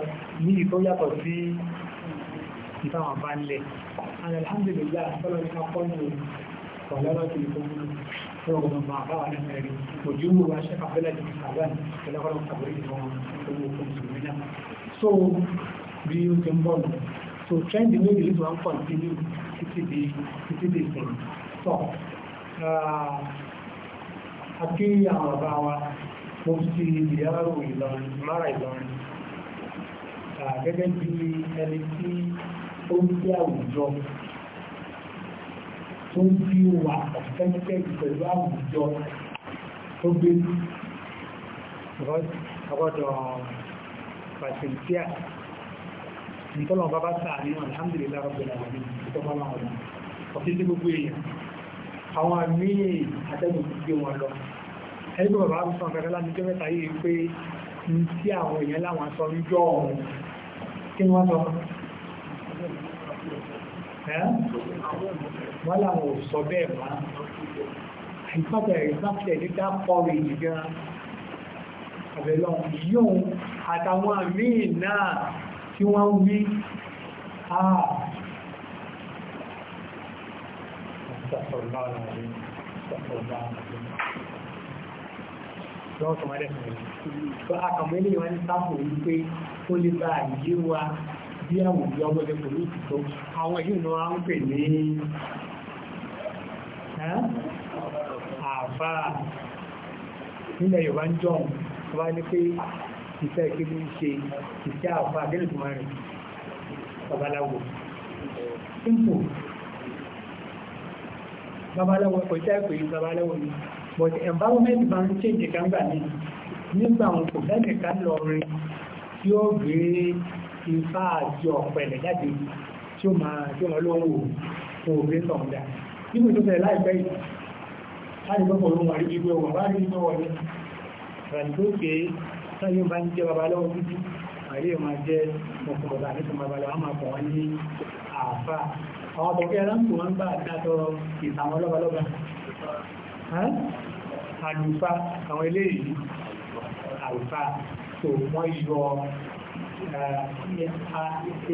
ní ìtọ́ yàtọ̀ sí ìtàwọn bá lẹ̀ alhamdulillah fọ́lọ́ ní akọ́nù ọ̀lọ́rọ̀ tí ó mú ọgbọ̀n máa bá wà nínú ẹ̀rí ojú mú wa ṣe àfẹ́lẹ̀ ní so bí ó so trend méjì ló ti wá ń pọ̀ di títí di ìsìn so ah, àti àwọn ọba wa mo fi ìyàwó ìlọrin mara ìlọrin gẹ́gẹ́ bí ẹni tí ó ń gbé àwùjọ tó ń bí wà ọ̀fẹ́ńtẹ́ pẹ̀lú àwùjọ tó gbé ọgọ́dọ̀ pàṣẹ̀lìtíà ìtọ́lọ̀ bàbá sáà ní alhamdulillah rabbil alamin ìtọ́lọ̀ ọ̀dọ̀ ọ̀fíìsì gbogbo èèyàn àwọn míì àtẹ́gùn ti gbé wọn lọ ẹgbẹ́ bàbá ń sọ ọ̀fẹ́fẹ́ jẹ́ mẹ́ta yìí pé ní tí àwọn èèyàn láwọn sọ ní jọ ọ̀hún kí wọ́n sọ wọ́n láwọn ò sọ bẹ́ẹ̀ má àìpàtẹ̀ ìpàtẹ̀ ní dá pọ̀rì ìgbìyàn àbẹ̀lọ́n yóò àtàwọn míì náà tí wọ́n wí àà الله العظيم استغفر الله العظيم lọ́wọ́ tó máa dẹ̀ fún mi tó àkàmọ́ ilé ìwà ní sáàpù yìí pé ó lè bá àyè wa bí àwùjọ ọgbẹ́lẹ̀ pẹ̀lú ìtìtò àwọn èyí ni wọ́n ń pè ní àfà nílẹ̀ Yorùbá ń jọ wọ́n ní pé iṣẹ́ kí ń ṣe iṣẹ́ àfà gẹ́lẹ̀ tó máa rìn babaláwo simple babaláwo kò jẹ́ ìpè ní babaláwo ni environment bá ń change kanga ní nígbà wọn kò fẹ́ nìkan lọ rin tí ó gbé ifá àti ọ̀pẹ̀lẹ̀ jáde tí ó máa tí ó máa lóhùn wò kò gbé sọ̀ǹda nígbà tó fẹ́ láìpẹ́ yìí láti gbọ́kọ̀ ló wà níbi ìwé wọn bá rí inú wọlé ràdìgbòkè sáyé bá ń jẹ́ babaláwo títí àríyàn máa jẹ́ ọkùnrin àti àwọn bọ̀kẹ́ ránkù wọ́n gbà dátọ́ ìtàwọn lọ́balọ́ba àlùfà àwọn ilé ìlú àlùfà tó wọ́n yọ ALP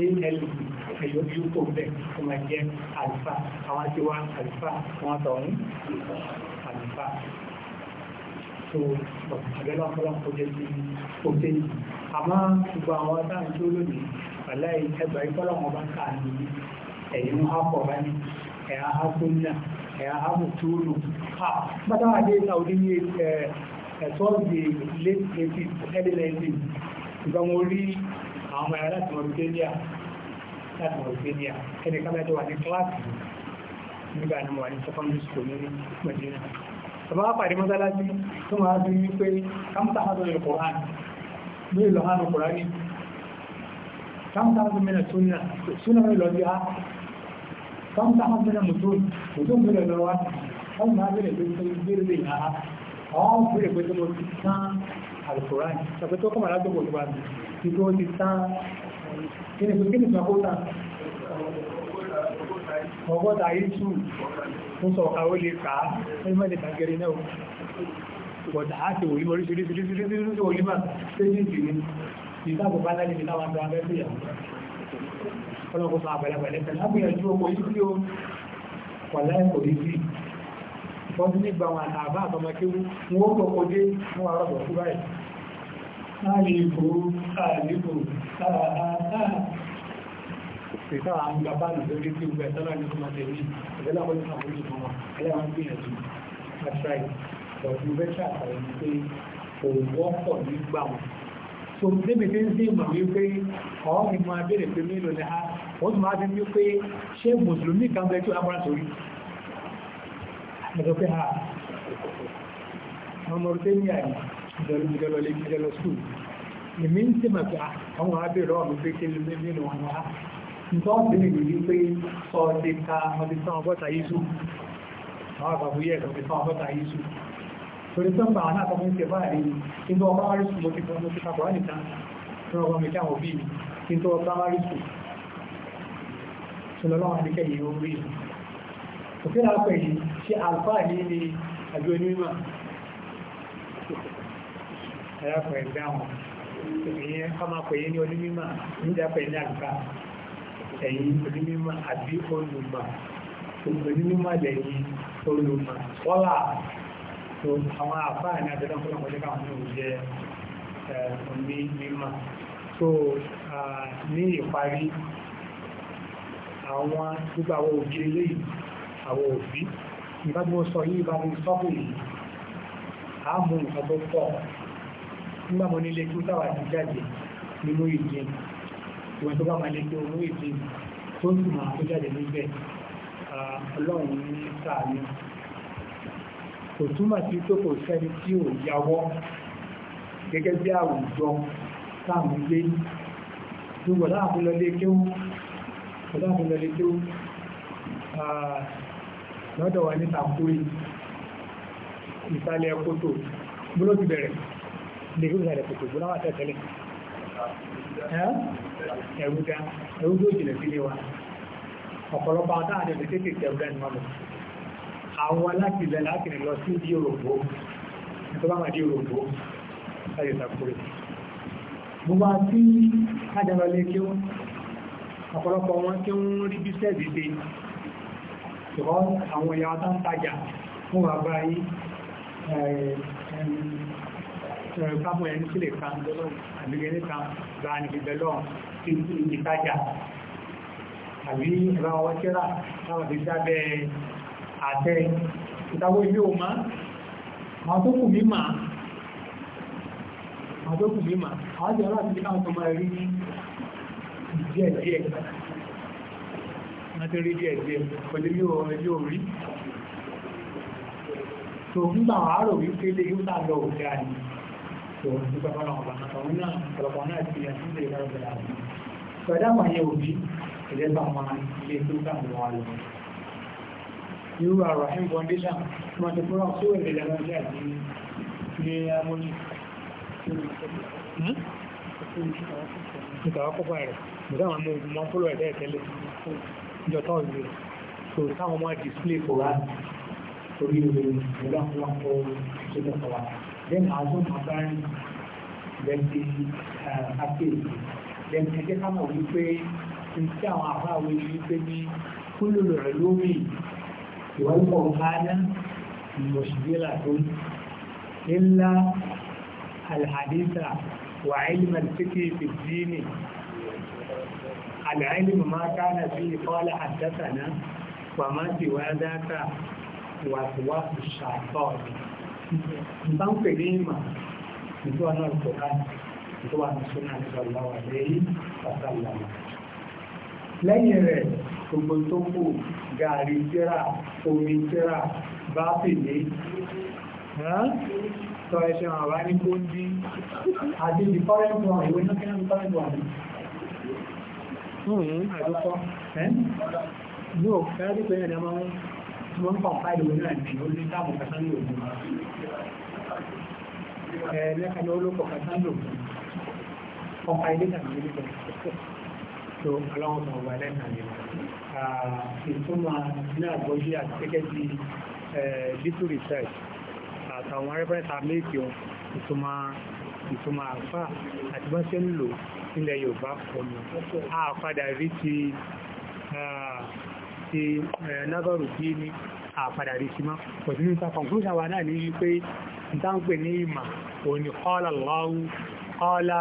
ẹ̀yọ́ yóò tó bẹ̀ kó máa jẹ́ àlùfà àwọn tí wá àlùfà wọ́n tọ̀ ní àlùfà tó àbẹ́lọ́ ọ̀pọ̀lọpọ̀ jẹ́ sí òtẹ́ yìí àmọ́ gbogbo àwọn táà ń tó lónìí pàlẹ́ ẹgbẹ̀rẹ́ fọ́lọ́mọba káà nìyí ẹ̀yìn akọ̀rọ̀ ní ẹ̀yà akúnnà ẹ̀yà amùtúrù ha bàtà àdé saudi ní ẹ̀tọ́ọ̀dì late 80s early 90s ìgbà wọn rí àwọn ẹ̀yà láti Mauritania láti Mauritania ẹni kábẹ́tọ̀ wà ní kíláàsì nígbà ní wà ní secondary school ní Medina sọba pàdé mọ́sálásí tó máa bí ní pé kámsà hàn lórí Qur'an ní ìlọ́hàn Qur'an ní kámsà hàn lórí Sunna Sunna lọ́dí ha kọ́ńtà wọn bẹ̀rẹ̀ mọ̀tò mọ̀tò bẹ̀rẹ̀ lọ́wọ́ wọn máa bẹ̀rẹ̀ pé tó bẹ̀rẹ̀ lè yára wọn bẹ̀rẹ̀ pé tó mo ti tán alukoran ṣàpẹ́ tó kọ́mọ̀ aládùn kò tó bá ti tó ti tán ni kí ni sọ kó tán ọgọ́ta ìtù ń sọ ọ̀ka ó lè kà á ẹni mọ́ lè kà gẹ̀rẹ̀ náà ọ̀dà àti òyìn oríṣiríṣiríṣiríṣiríṣi òyìn máa ọlọ́kùn fún àpẹẹlẹpẹẹlẹ pẹ̀lú àpẹẹlẹjú ọmọ yìí tí ó wà láì kò rí sí wọ́n ti nígbà wọn àtàbá àtọmọkéwú wọ́n tó kọjé fún àrọ̀bọ̀ fún báyìí láàrin ìfò láàrin ìfò pẹ̀sá àwọn gbàbá lórí tí ó gbẹ̀ tọ́lá ní ọmọ tẹ̀lé ìgbẹ́lá wọn ní àwọn olùkọ́ wọn ẹlẹ́wọ̀n gbìyànjú that's right but you better àtàwọn pé òun wọ́pọ̀ nígbà wọn tó ń débi tí ń sí ìmọ̀ wípé ọ̀hún mi máa bèèrè pé mélòó ni a ó sì máa fi mí pé ṣé mùsùlùmí kan bẹ tí ó lágbára sórí àgbẹ̀dọ̀ pé ha ọmọ Mauritania ìjọlọ ìjọlọ lè ìjọlọ skul èmi ń tèmọ̀ pé àwọn abèrè ọ̀mí pé kí ló mélòó wọn wá nǹkan ọ̀sẹ̀ mi torí tó ń bà náà tọmọ ìṣẹ̀ báyìí nínú ọba márì sùn mo ti fọ́n mo ti kàkọ̀ wá nìkan ní ọba mi káwọn bí mi nínú ọba márì sùn ṣùlọ́lọ́wọ́ àdíkẹ́ yìí ó rí òkè lápẹ̀ yìí ṣe àlfáà ní ní àjọ onímọ̀ ẹ̀yàpọ̀ ẹ̀dá wọn ìyẹn ká máa pẹ̀yẹ so àwọn àfáà ní àjẹ́dá fún àwọn ọjọ́ká àwọn oúnjẹ omi mímọ̀ so ní ìparí àwọn gbogbo àwọn òbí ilé àwọn òbí nígbà tí wọ́n sọ yìí bá ní sọ́pù yìí a mú nǹkan tó pọ̀ nígbà mọ́ nílé tí ó sáwà ti jáde nínú ìdí ìwọ̀n tó bá máa lé tí ìdí tó ń máa tó jáde níbẹ̀ ọlọ́run ní sáà kò túmọ̀ sí tó kò sẹ́ni tí ò yàwọ́ gẹ́gẹ́ bí àwùjọ táàmù gbé gbogbo láàbúlọlé kéwú láàbúlọlé kéwú lọ́dọ̀ wà ní tàkúrí ìsàlẹ̀ kòtò gbọ́nà ti bẹ̀rẹ̀ lèkú ìsàlẹ̀ kòtò gbọ́nà wà tẹ́tẹ́lẹ̀ ẹ̀rúdá ẹ̀rúdó ìjìnlẹ̀ sílé wa ọ̀pọ̀lọpọ̀ àtàdẹ̀ àwọn láti ilẹ̀ láti rìn lọ sí ìdí òrògbó tó bá máa dí òrògbó láti ìtàkùrẹ̀ gbogbo àti àjàmọ̀lẹ́ kí wọ́n ọ̀pọ̀lọpọ̀ wọn kí wọ́n rí bíṣẹ́ẹ̀dì dé ṣùgbọ́n àwọn ìyàwó tán tajà fún bàbá yí ẹ̀rẹ̀kámọ̀ ẹni sílẹ̀ kan àbígẹ́ni kan bá ní ìbẹ̀lọ́ tí ìtajà àbí ẹ̀rọ ọwọ́ àtẹ ìtawó ilé o máa ma tó kù mí ma tó kù mí àwọn jẹ́ láti ní àwọn ọmọ rí díẹ̀ díẹ̀ láti rí díẹ̀ díẹ̀ pẹ̀lú ilé ọ̀rọ̀ ilé orí tó nígbà àárò wípé lè yóò tà òkè àní tó nígbà fọ́nà ọ̀bà àwọn náà ọ̀pọ̀lọpọ̀ náà ti yà irú àrọ̀ ẹ̀m foundation tí wọ́n ti fún wọn síwẹ̀ ìrìnlẹ̀ wọn jẹ́ àti ní amóyí ìtàwọ́ kọ́kọ́ rẹ̀ nígbà wọn mú ìgbìmọ̀ fúlọ̀ ẹ̀dẹ́ ìtẹ́lẹ̀ ìjọtọ́ ìlú so táwọn máa display for us torí ìlú ìgbà fún wọn fún ìṣẹ́jọ́ fún wa then àwọn tó máa bá والقرآن مشكلة إلا الحديث وعلم الفقه في الدين العلم ما كان فيه قال حدثنا وما سوى ذاك وسواس الشيطان نظام كريمة نتوى نوع القرآن نتوى نسنة صلى الله عليه وسلم lẹ́yìn rẹ̀ gbogbo tó kù gàrí tíra omi tíra bá pèlé sọ ẹ̀ṣẹ̀ wọn wá ní gbóndí àti the current one ìwé náà kí náà current one hmm, àdúkọ́ no ẹ̀rọ pé ẹ̀dá máa ń wọ́n pàpá ìlú náà ní orí dáàbò kàtàlù ògùn ẹ̀ẹ́lẹ́kàlẹ́ olóko kàtàlù ògùn ọ̀pá ilé tàbí ilé tàbí tó ọlọ́run mọ̀ wà lẹ́nà yẹn ìtumọ̀ ní àgbọ́jú àti gẹ́gẹ́ bí little research àtàwọn reference àmẹ́kì ìtumọ̀ ìtumọ̀ àfà àti bọ́n ṣe ń lò nílẹ̀ Yorùbá pọ̀lú a padà rí ti ti nágọ́rù bí ní àpadà rí sí má pọ̀tí nípa conclusion wa náà ní wípé ìtàǹpẹ̀ ní ìmà òní qala Allahu kọ́ọ́lá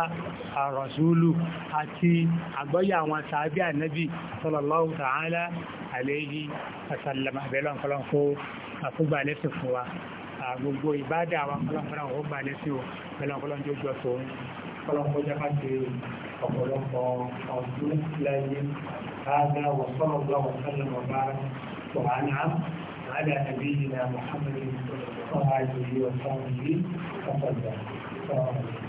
àrọ̀súlù àti àgbọ́yà àwọn sàábí ànábì sallallahu ta'ala alayhi wasallam àbẹ́lọ́ ọ̀pọ̀lọ́ fún àkúgbà lẹ́sìn fún wa gbogbo ìbádà àwọn ọ̀pọ̀lọ́pọ̀lọ́ ó gbà lẹ́sìn o pẹ̀lú ọ̀pọ̀lọ́ tó jọ هذا وصلى الله وسلم وبارك وأنعم على نبينا محمد صلى الله عليه وسلم وسلم